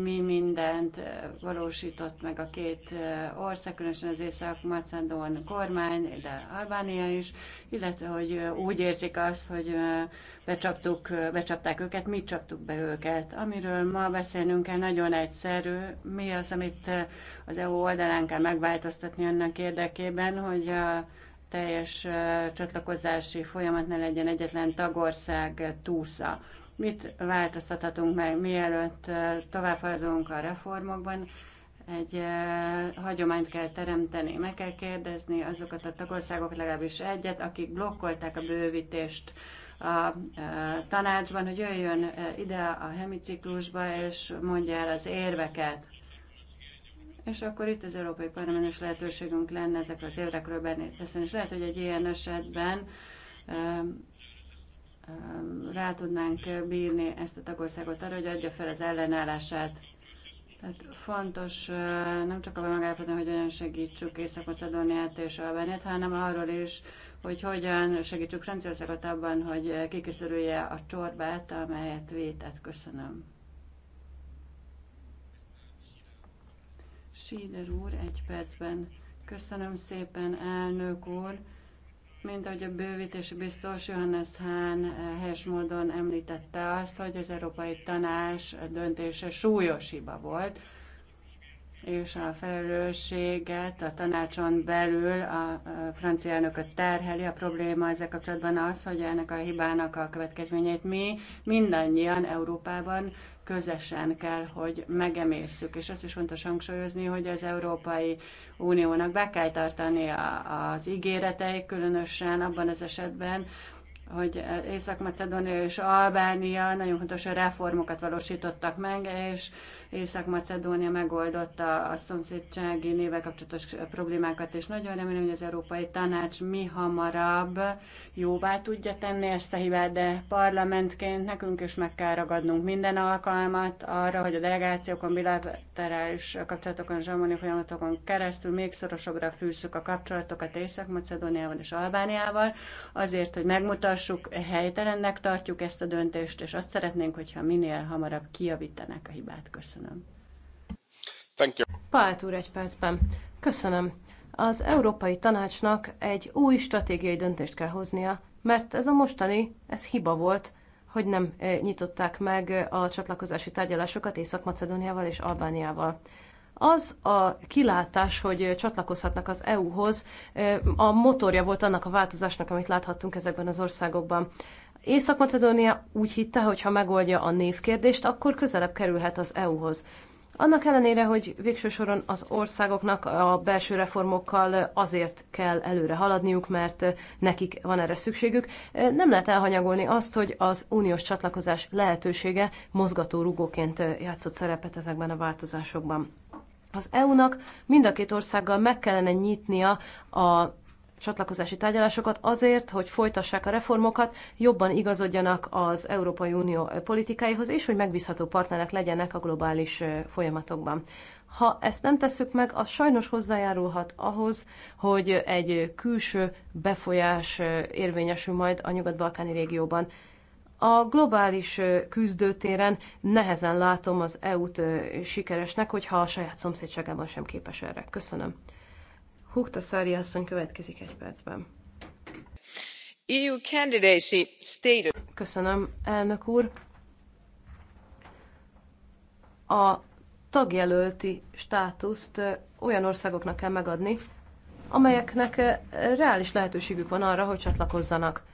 mi mindent valósított meg a két ország, különösen az Észak-Macedón kormány, de Albánia is, illetve hogy úgy érzik azt, hogy becsaptuk, becsapták őket, mi csaptuk be őket. Amiről ma beszélnünk kell, nagyon egyszerű, mi az, amit az EU oldalán kell megváltoztatni annak érdekében, hogy a teljes csatlakozási folyamat ne legyen egyetlen tagország túsza. Mit változtathatunk meg, mielőtt tovább haladunk a reformokban? Egy hagyományt kell teremteni, meg kell kérdezni azokat a tagországokat, legalábbis egyet, akik blokkolták a bővítést a tanácsban, hogy jöjjön ide a hemiciklusba, és mondja el az érveket és akkor itt az Európai Parlament is lehetőségünk lenne ezekről az évekről beszélni, és lehet, hogy egy ilyen esetben rá tudnánk bírni ezt a tagországot arra, hogy adja fel az ellenállását. Tehát fontos nem csak abban megállapodni, hogy hogyan segítsük Észak-Macedóniát és Albániát, hanem arról is, hogy hogyan segítsük Franciaországot abban, hogy kiküszörülje a csorbát, amelyet vétett. Köszönöm. Síder úr, egy percben. Köszönöm szépen, elnök úr. Mint ahogy a bővítési biztos Johannes Hahn eh, helyes módon említette azt, hogy az Európai Tanács döntése súlyos hiba volt, és a felelősséget a tanácson belül a francia elnököt terheli. A probléma ezzel kapcsolatban az, hogy ennek a hibának a következményét mi mindannyian Európában közösen kell, hogy megemészszük. És azt is fontos hangsúlyozni, hogy az Európai Uniónak be kell tartani az ígéreteik különösen abban az esetben, hogy Észak-Macedónia és Albánia nagyon fontos reformokat valósítottak meg, és Észak-Macedónia megoldotta a szomszédsági nével kapcsolatos problémákat, és nagyon remélem, hogy az Európai Tanács mi hamarabb jóvá tudja tenni ezt a hibát, de parlamentként nekünk is meg kell ragadnunk minden alkalmat arra, hogy a delegációkon, bilaterális kapcsolatokon, zsamoni folyamatokon keresztül még szorosabbra fűszük a kapcsolatokat Észak-Macedóniával és Albániával, azért, hogy megmutassuk, tartassuk, helytelennek tartjuk ezt a döntést, és azt szeretnénk, hogyha minél hamarabb kijavítanák a hibát. Köszönöm. Thank you. Pált úr, egy percben. Köszönöm. Az Európai Tanácsnak egy új stratégiai döntést kell hoznia, mert ez a mostani, ez hiba volt, hogy nem eh, nyitották meg eh, a csatlakozási tárgyalásokat Észak-Macedóniával és Albániával. Az a kilátás, hogy csatlakozhatnak az EU-hoz, a motorja volt annak a változásnak, amit láthattunk ezekben az országokban. Észak-Macedónia úgy hitte, hogy ha megoldja a névkérdést, akkor közelebb kerülhet az EU-hoz. Annak ellenére, hogy végső soron az országoknak a belső reformokkal azért kell előre haladniuk, mert nekik van erre szükségük, nem lehet elhanyagolni azt, hogy az uniós csatlakozás lehetősége mozgató rugóként játszott szerepet ezekben a változásokban. Az EU-nak mind a két országgal meg kellene nyitnia a csatlakozási tárgyalásokat azért, hogy folytassák a reformokat, jobban igazodjanak az Európai Unió politikáihoz, és hogy megbízható partnerek legyenek a globális folyamatokban. Ha ezt nem tesszük meg, az sajnos hozzájárulhat ahhoz, hogy egy külső befolyás érvényesül majd a nyugat-balkáni régióban. A globális küzdőtéren nehezen látom az EU-t sikeresnek, hogyha a saját szomszédságában sem képes erre. Köszönöm. Hukta Szári asszony következik egy percben. EU candidacy stated. Köszönöm, elnök úr. A tagjelölti státuszt olyan országoknak kell megadni, amelyeknek reális lehetőségük van arra, hogy csatlakozzanak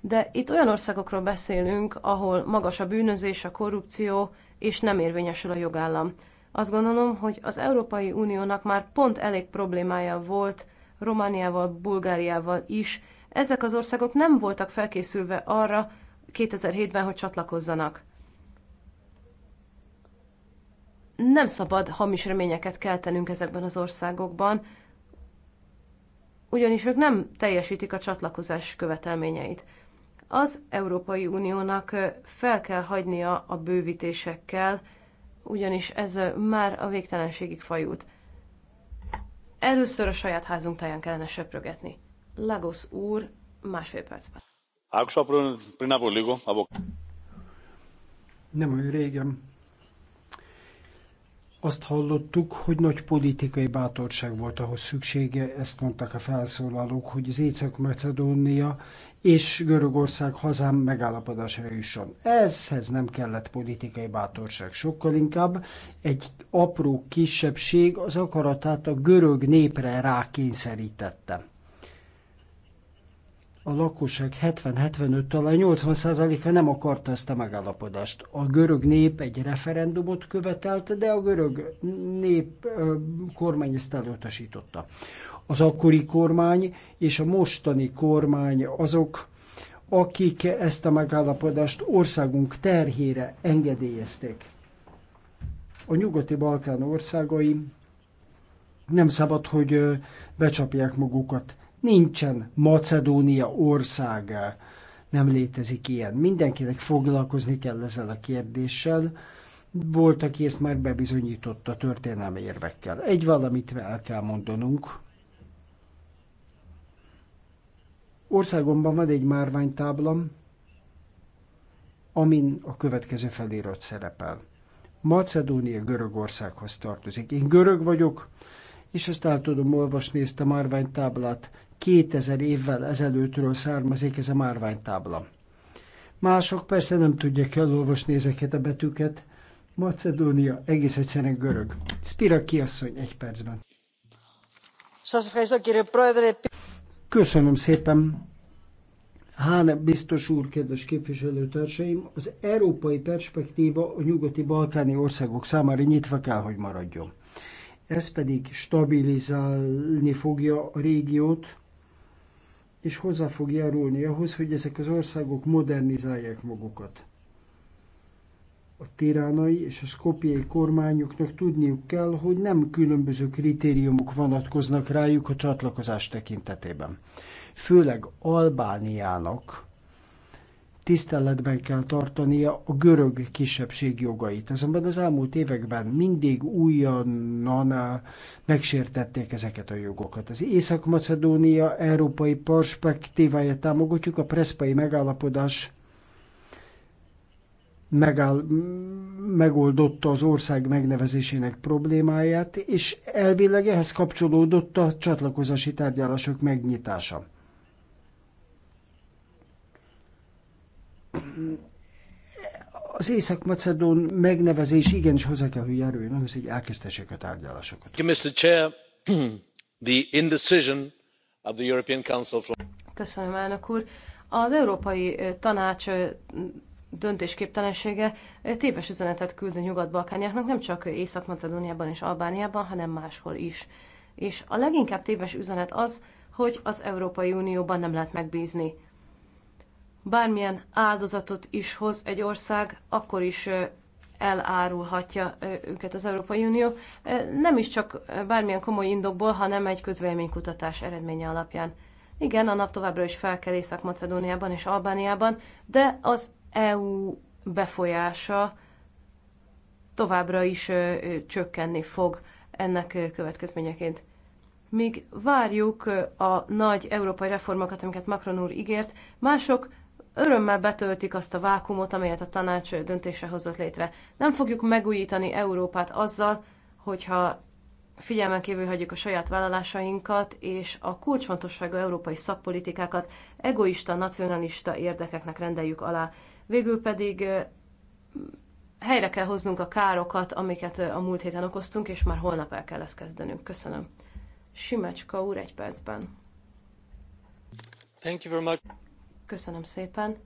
de itt olyan országokról beszélünk, ahol magas a bűnözés, a korrupció, és nem érvényesül a jogállam. Azt gondolom, hogy az Európai Uniónak már pont elég problémája volt Romániával, Bulgáriával is. Ezek az országok nem voltak felkészülve arra 2007-ben, hogy csatlakozzanak. Nem szabad hamis reményeket keltenünk ezekben az országokban, ugyanis ők nem teljesítik a csatlakozás követelményeit. Az Európai Uniónak fel kell hagynia a bővítésekkel, ugyanis ez már a végtelenségig fajult. Először a saját házunk táján kellene söprögetni. Lagos úr, másfél percben. Nem olyan régen azt hallottuk, hogy nagy politikai bátorság volt ahhoz szüksége, ezt mondták a felszólalók, hogy az Észak-Macedónia és Görögország hazám megállapodásra jusson. Ezhez nem kellett politikai bátorság, sokkal inkább egy apró kisebbség az akaratát a görög népre rákényszerítette a lakosság 70-75, talán 80%-a nem akarta ezt a megállapodást. A görög nép egy referendumot követelt, de a görög nép kormány ezt elutasította. Az akkori kormány és a mostani kormány azok, akik ezt a megállapodást országunk terhére engedélyezték. A nyugati Balkán országai nem szabad, hogy becsapják magukat Nincsen Macedónia ország, nem létezik ilyen. Mindenkinek foglalkozni kell ezzel a kérdéssel. Volt, aki ezt már bebizonyította történelmi érvekkel. Egy valamit el kell mondanunk. Országomban van egy márványtáblam, amin a következő felirat szerepel. Macedónia Görögországhoz tartozik. Én görög vagyok, és ezt el tudom olvasni, ezt a márványtáblát. 2000 évvel ezelőttről származik ez a márványtábla. Mások persze nem tudják elolvasni ezeket a betűket. Macedónia egész egyszerűen görög. Spira kiasszony egy percben. Köszönöm szépen. Háne biztos úr, kedves képviselőtársaim, az európai perspektíva a nyugati-balkáni országok számára nyitva kell, hogy maradjon. Ez pedig stabilizálni fogja a régiót, és hozzá fog járulni ahhoz, hogy ezek az országok modernizálják magukat. A tiránai és a szkopiai kormányoknak tudniuk kell, hogy nem különböző kritériumok vonatkoznak rájuk a csatlakozás tekintetében. Főleg Albániának tiszteletben kell tartania a görög kisebbség jogait. Azonban az elmúlt években mindig újonnan eh, megsértették ezeket a jogokat. Az Észak-Macedónia európai perspektívája támogatjuk, a preszpai megállapodás megáll, megoldotta az ország megnevezésének problémáját, és elvileg ehhez kapcsolódott a csatlakozási tárgyalások megnyitása. az Észak-Macedón megnevezés igenis hozzá kell, hogy járuljon ahhoz, hogy elkezdhessék a tárgyalásokat. Köszönöm, elnök úr. Az Európai Tanács döntésképtelensége téves üzenetet küld a nyugat-balkániaknak, nem csak Észak-Macedóniában és Albániában, hanem máshol is. És a leginkább téves üzenet az, hogy az Európai Unióban nem lehet megbízni bármilyen áldozatot is hoz egy ország, akkor is elárulhatja őket az Európai Unió, nem is csak bármilyen komoly indokból, hanem egy közvéleménykutatás eredménye alapján. Igen, a nap továbbra is felkel Észak-Macedóniában és Albániában, de az EU befolyása továbbra is csökkenni fog ennek következményeként. Míg várjuk a nagy európai reformokat, amiket Macron úr ígért, mások örömmel betöltik azt a vákumot, amelyet a tanács döntése hozott létre. Nem fogjuk megújítani Európát azzal, hogyha figyelmen kívül hagyjuk a saját vállalásainkat és a kulcsfontosságú európai szakpolitikákat egoista, nacionalista érdekeknek rendeljük alá. Végül pedig helyre kell hoznunk a károkat, amiket a múlt héten okoztunk, és már holnap el kell ezt kezdenünk. Köszönöm. Simecska úr, egy percben. Thank you very much. Köszönöm szépen.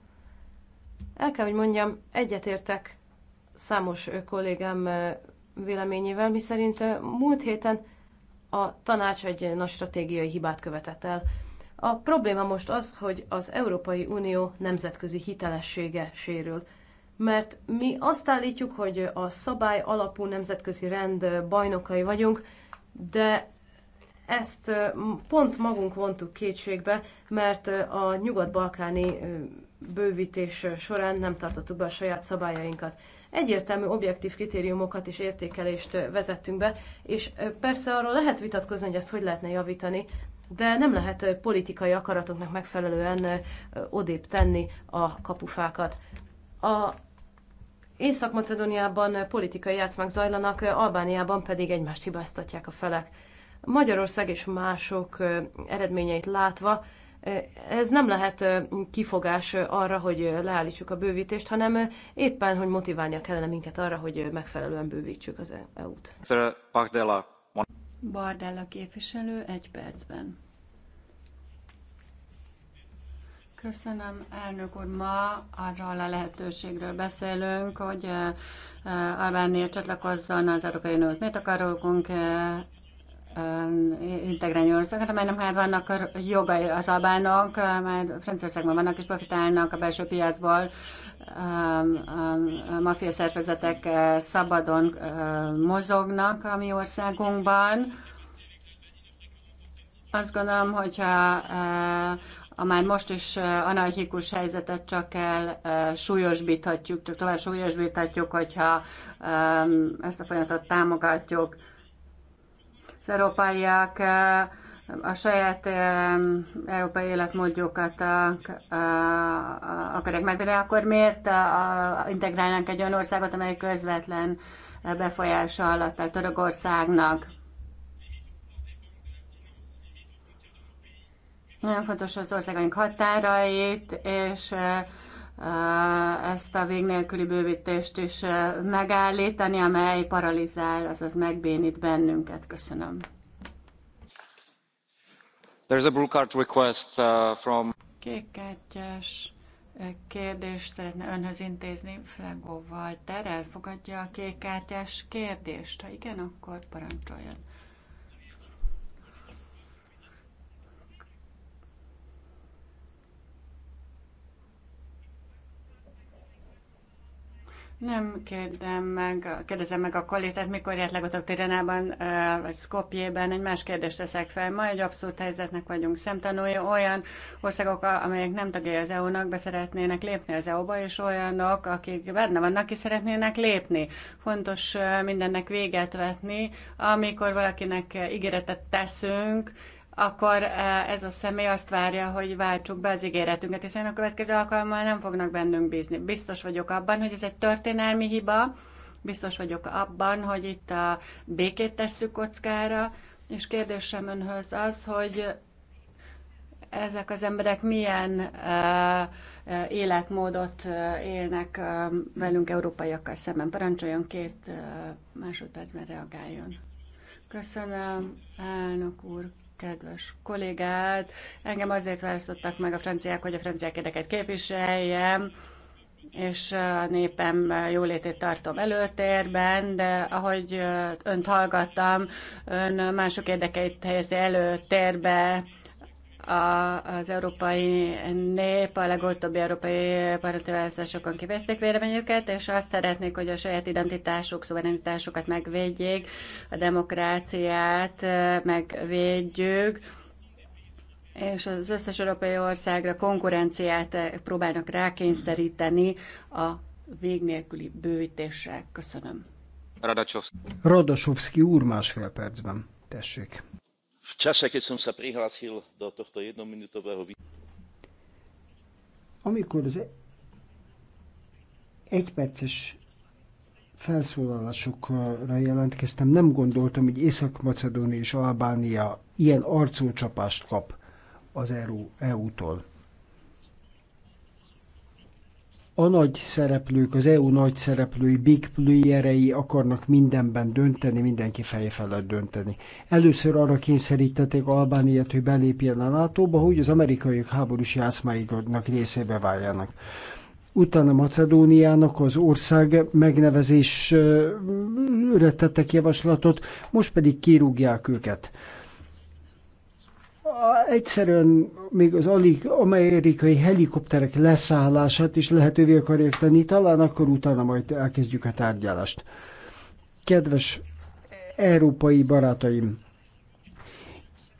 El kell, hogy mondjam, egyetértek számos kollégám véleményével, miszerint múlt héten a tanács egy nagy stratégiai hibát követett el. A probléma most az, hogy az Európai Unió nemzetközi hitelessége sérül. Mert mi azt állítjuk, hogy a szabály alapú nemzetközi rend bajnokai vagyunk, de ezt pont magunk vontuk kétségbe, mert a nyugat-balkáni bővítés során nem tartottuk be a saját szabályainkat. Egyértelmű objektív kritériumokat és értékelést vezettünk be, és persze arról lehet vitatkozni, hogy ezt hogy lehetne javítani, de nem lehet politikai akaratoknak megfelelően odébb tenni a kapufákat. A Észak-Macedóniában politikai játszmák zajlanak, Albániában pedig egymást hibáztatják a felek. Magyarország és mások eredményeit látva, ez nem lehet kifogás arra, hogy leállítsuk a bővítést, hanem éppen, hogy motiválnia kellene minket arra, hogy megfelelően bővítsük az EU-t. Bardella. Bardella képviselő egy percben. Köszönöm, elnök úr. Ma arról a lehetőségről beszélünk, hogy Albánia csatlakozzon az Európai Unióhoz. Mit akarunk integrálni országokat, amely nem hát vannak a jogai az albánok, már Franciaországban vannak és profitálnak a belső piacból, a mafia szervezetek szabadon mozognak a mi országunkban. Azt gondolom, hogyha a már most is anarchikus helyzetet csak el súlyosbíthatjuk, csak tovább súlyosbíthatjuk, hogyha ezt a folyamatot támogatjuk az európaiak eh, a saját eh, európai életmódjukat eh, akarják megvédeni, akkor miért integrálnánk egy olyan országot, amely közvetlen befolyása alatt a Törökországnak? Nagyon fontos az országaink határait, és ezt a vég nélküli bővítést is megállítani, amely paralizál, azaz megbénít bennünket. Köszönöm. There is a blue card request uh, from... Kékkártyás kérdést szeretne önhöz intézni Flegóval. Ter elfogadja a kékkártyás kérdést? Ha igen, akkor parancsoljon. Nem kérdem meg, kérdezem meg a kollégát, mikor járt legutóbb Tiranában vagy Skopjében, egy más kérdést teszek fel. Ma egy abszolút helyzetnek vagyunk szemtanúi, olyan országok, amelyek nem tagjai az EU-nak, be szeretnének lépni az EU-ba, és olyanok, akik benne vannak, ki szeretnének lépni. Fontos mindennek véget vetni, amikor valakinek ígéretet teszünk, akkor eh, ez a személy azt várja, hogy váltsuk be az ígéretünket, hiszen a következő alkalommal nem fognak bennünk bízni. Biztos vagyok abban, hogy ez egy történelmi hiba, biztos vagyok abban, hogy itt a békét tesszük kockára, és kérdésem önhöz az, hogy ezek az emberek milyen uh, életmódot eh, élnek uh, velünk európaiakkal szemben. Parancsoljon két uh, másodpercben reagáljon. Köszönöm, elnök úr kedves kollégát. Engem azért választottak meg a franciák, hogy a franciák érdeket képviseljem, és a népem jólétét tartom előtérben, de ahogy önt hallgattam, ön mások érdekeit helyezi előtérbe, a, az európai nép a legutóbbi európai parlamenti választásokon kivezték véleményüket, és azt szeretnék, hogy a saját identitásuk, szuverenitásukat megvédjék, a demokráciát megvédjük, és az összes európai országra konkurenciát próbálnak rákényszeríteni a vég nélküli bőítéssel. Köszönöm. Radacsovszki úr másfél percben. Tessék v čase, keď som sa prihlásil do tohto jednominútového... Amikor az e- egyperces felszólalásokra jelentkeztem, nem gondoltam, hogy Észak-Macedónia és Albánia ilyen arcócsapást kap az EU-tól a nagy szereplők, az EU nagy szereplői, big playerei akarnak mindenben dönteni, mindenki feje felett dönteni. Először arra kényszerítették Albániát, hogy belépjen a nato hogy az amerikaiak háborús játszmáiknak részébe váljanak. Utána Macedóniának az ország megnevezésre tettek javaslatot, most pedig kirúgják őket egyszerűen még az amerikai helikopterek leszállását is lehetővé akarják tenni, talán akkor utána majd elkezdjük a tárgyalást. Kedves európai barátaim,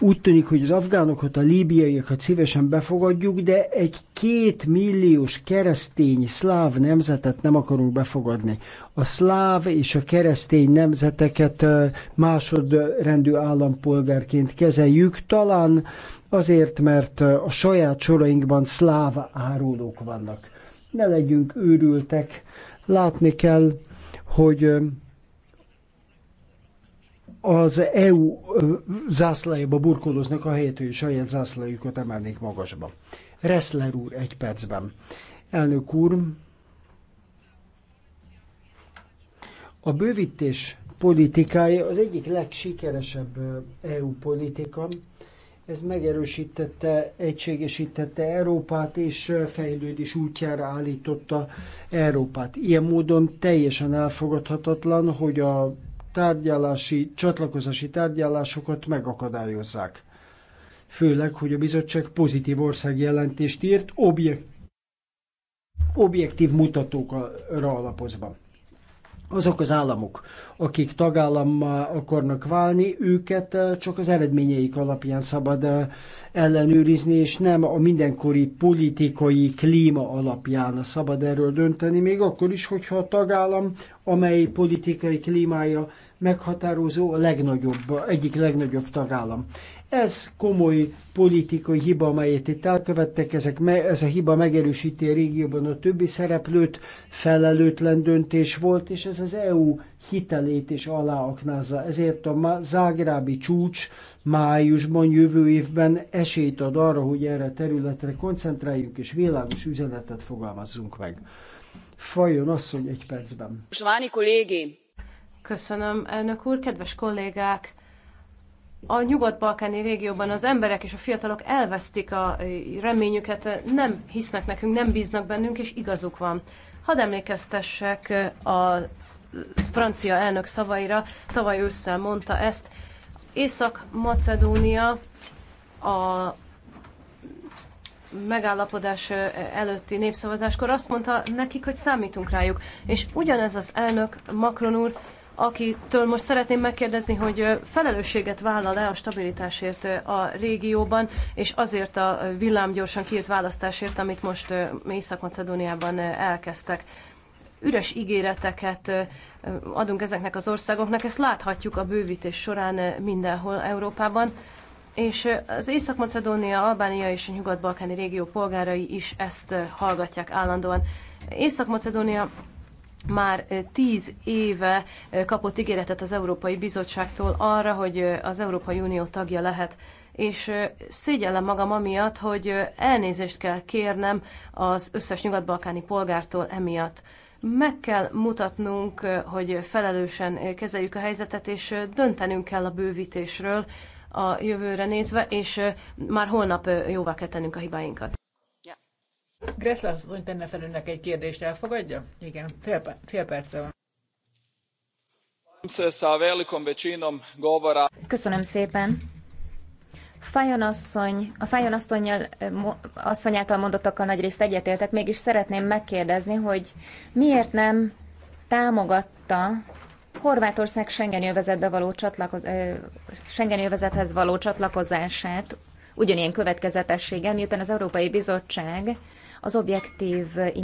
úgy tűnik, hogy az afgánokat, a líbiaiakat szívesen befogadjuk, de egy két milliós keresztény szláv nemzetet nem akarunk befogadni. A szláv és a keresztény nemzeteket másodrendű állampolgárként kezeljük, talán azért, mert a saját sorainkban szláv árulók vannak. Ne legyünk őrültek, látni kell, hogy az EU zászlájába burkolóznak, helyet, hogy saját zászlajukat emelnék magasba. Reszler úr, egy percben. Elnök úr, a bővítés politikája az egyik legsikeresebb EU politika. Ez megerősítette, egységesítette Európát, és fejlődés útjára állította Európát. Ilyen módon teljesen elfogadhatatlan, hogy a tárgyalási, csatlakozási tárgyalásokat megakadályozzák. Főleg, hogy a bizottság pozitív országjelentést írt, objekt, objektív mutatókra alapozva azok az államok, akik tagállammá akarnak válni, őket eh, csak az eredményeik alapján szabad eh, ellenőrizni, és nem a mindenkori politikai klíma alapján szabad erről dönteni, még akkor is, hogyha a tagállam, amely politikai klímája meghatározó, a legnagyobb, egyik legnagyobb tagállam. Ez komoly politikai hiba, amelyet itt elkövettek, ezek, ez a hiba megerősíti a régióban a többi szereplőt, felelőtlen döntés volt, és ez az EU hitelét is aláaknázza. Ezért a zágrábi csúcs májusban, jövő évben esélyt ad arra, hogy erre a területre koncentráljunk és világos üzenetet fogalmazzunk meg. Fajon asszony egy percben. Köszönöm, elnök úr, kedves kollégák! a nyugat-balkáni régióban az emberek és a fiatalok elvesztik a reményüket, nem hisznek nekünk, nem bíznak bennünk, és igazuk van. Hadd emlékeztessek a francia elnök szavaira, tavaly ősszel mondta ezt. Észak-Macedónia a megállapodás előtti népszavazáskor azt mondta nekik, hogy számítunk rájuk. És ugyanez az elnök, Macron úr, akitől most szeretném megkérdezni, hogy felelősséget vállal-e a stabilitásért a régióban, és azért a villámgyorsan kiírt választásért, amit most Észak-Macedóniában elkezdtek. Üres ígéreteket adunk ezeknek az országoknak, ezt láthatjuk a bővítés során mindenhol Európában. És az Észak-Macedónia, Albánia és a nyugat-balkáni régió polgárai is ezt hallgatják állandóan. Észak-Macedónia már tíz éve kapott ígéretet az Európai Bizottságtól arra, hogy az Európai Unió tagja lehet. És szégyellem magam amiatt, hogy elnézést kell kérnem az összes nyugat-balkáni polgártól emiatt. Meg kell mutatnunk, hogy felelősen kezeljük a helyzetet, és döntenünk kell a bővítésről a jövőre nézve, és már holnap jóvá kell tennünk a hibáinkat. Gressler asszony tenne fel önnek egy kérdést, elfogadja? Igen, fél, fél perce van. Köszönöm szépen. Fajon asszony, a Fajon asszonyjal, eh, asszony által mondottakkal nagyrészt egyetértek, mégis szeretném megkérdezni, hogy miért nem támogatta Horvátország Schengen való eh, övezethez való csatlakozását ugyanilyen következetességgel, miután az Európai Bizottság az objektív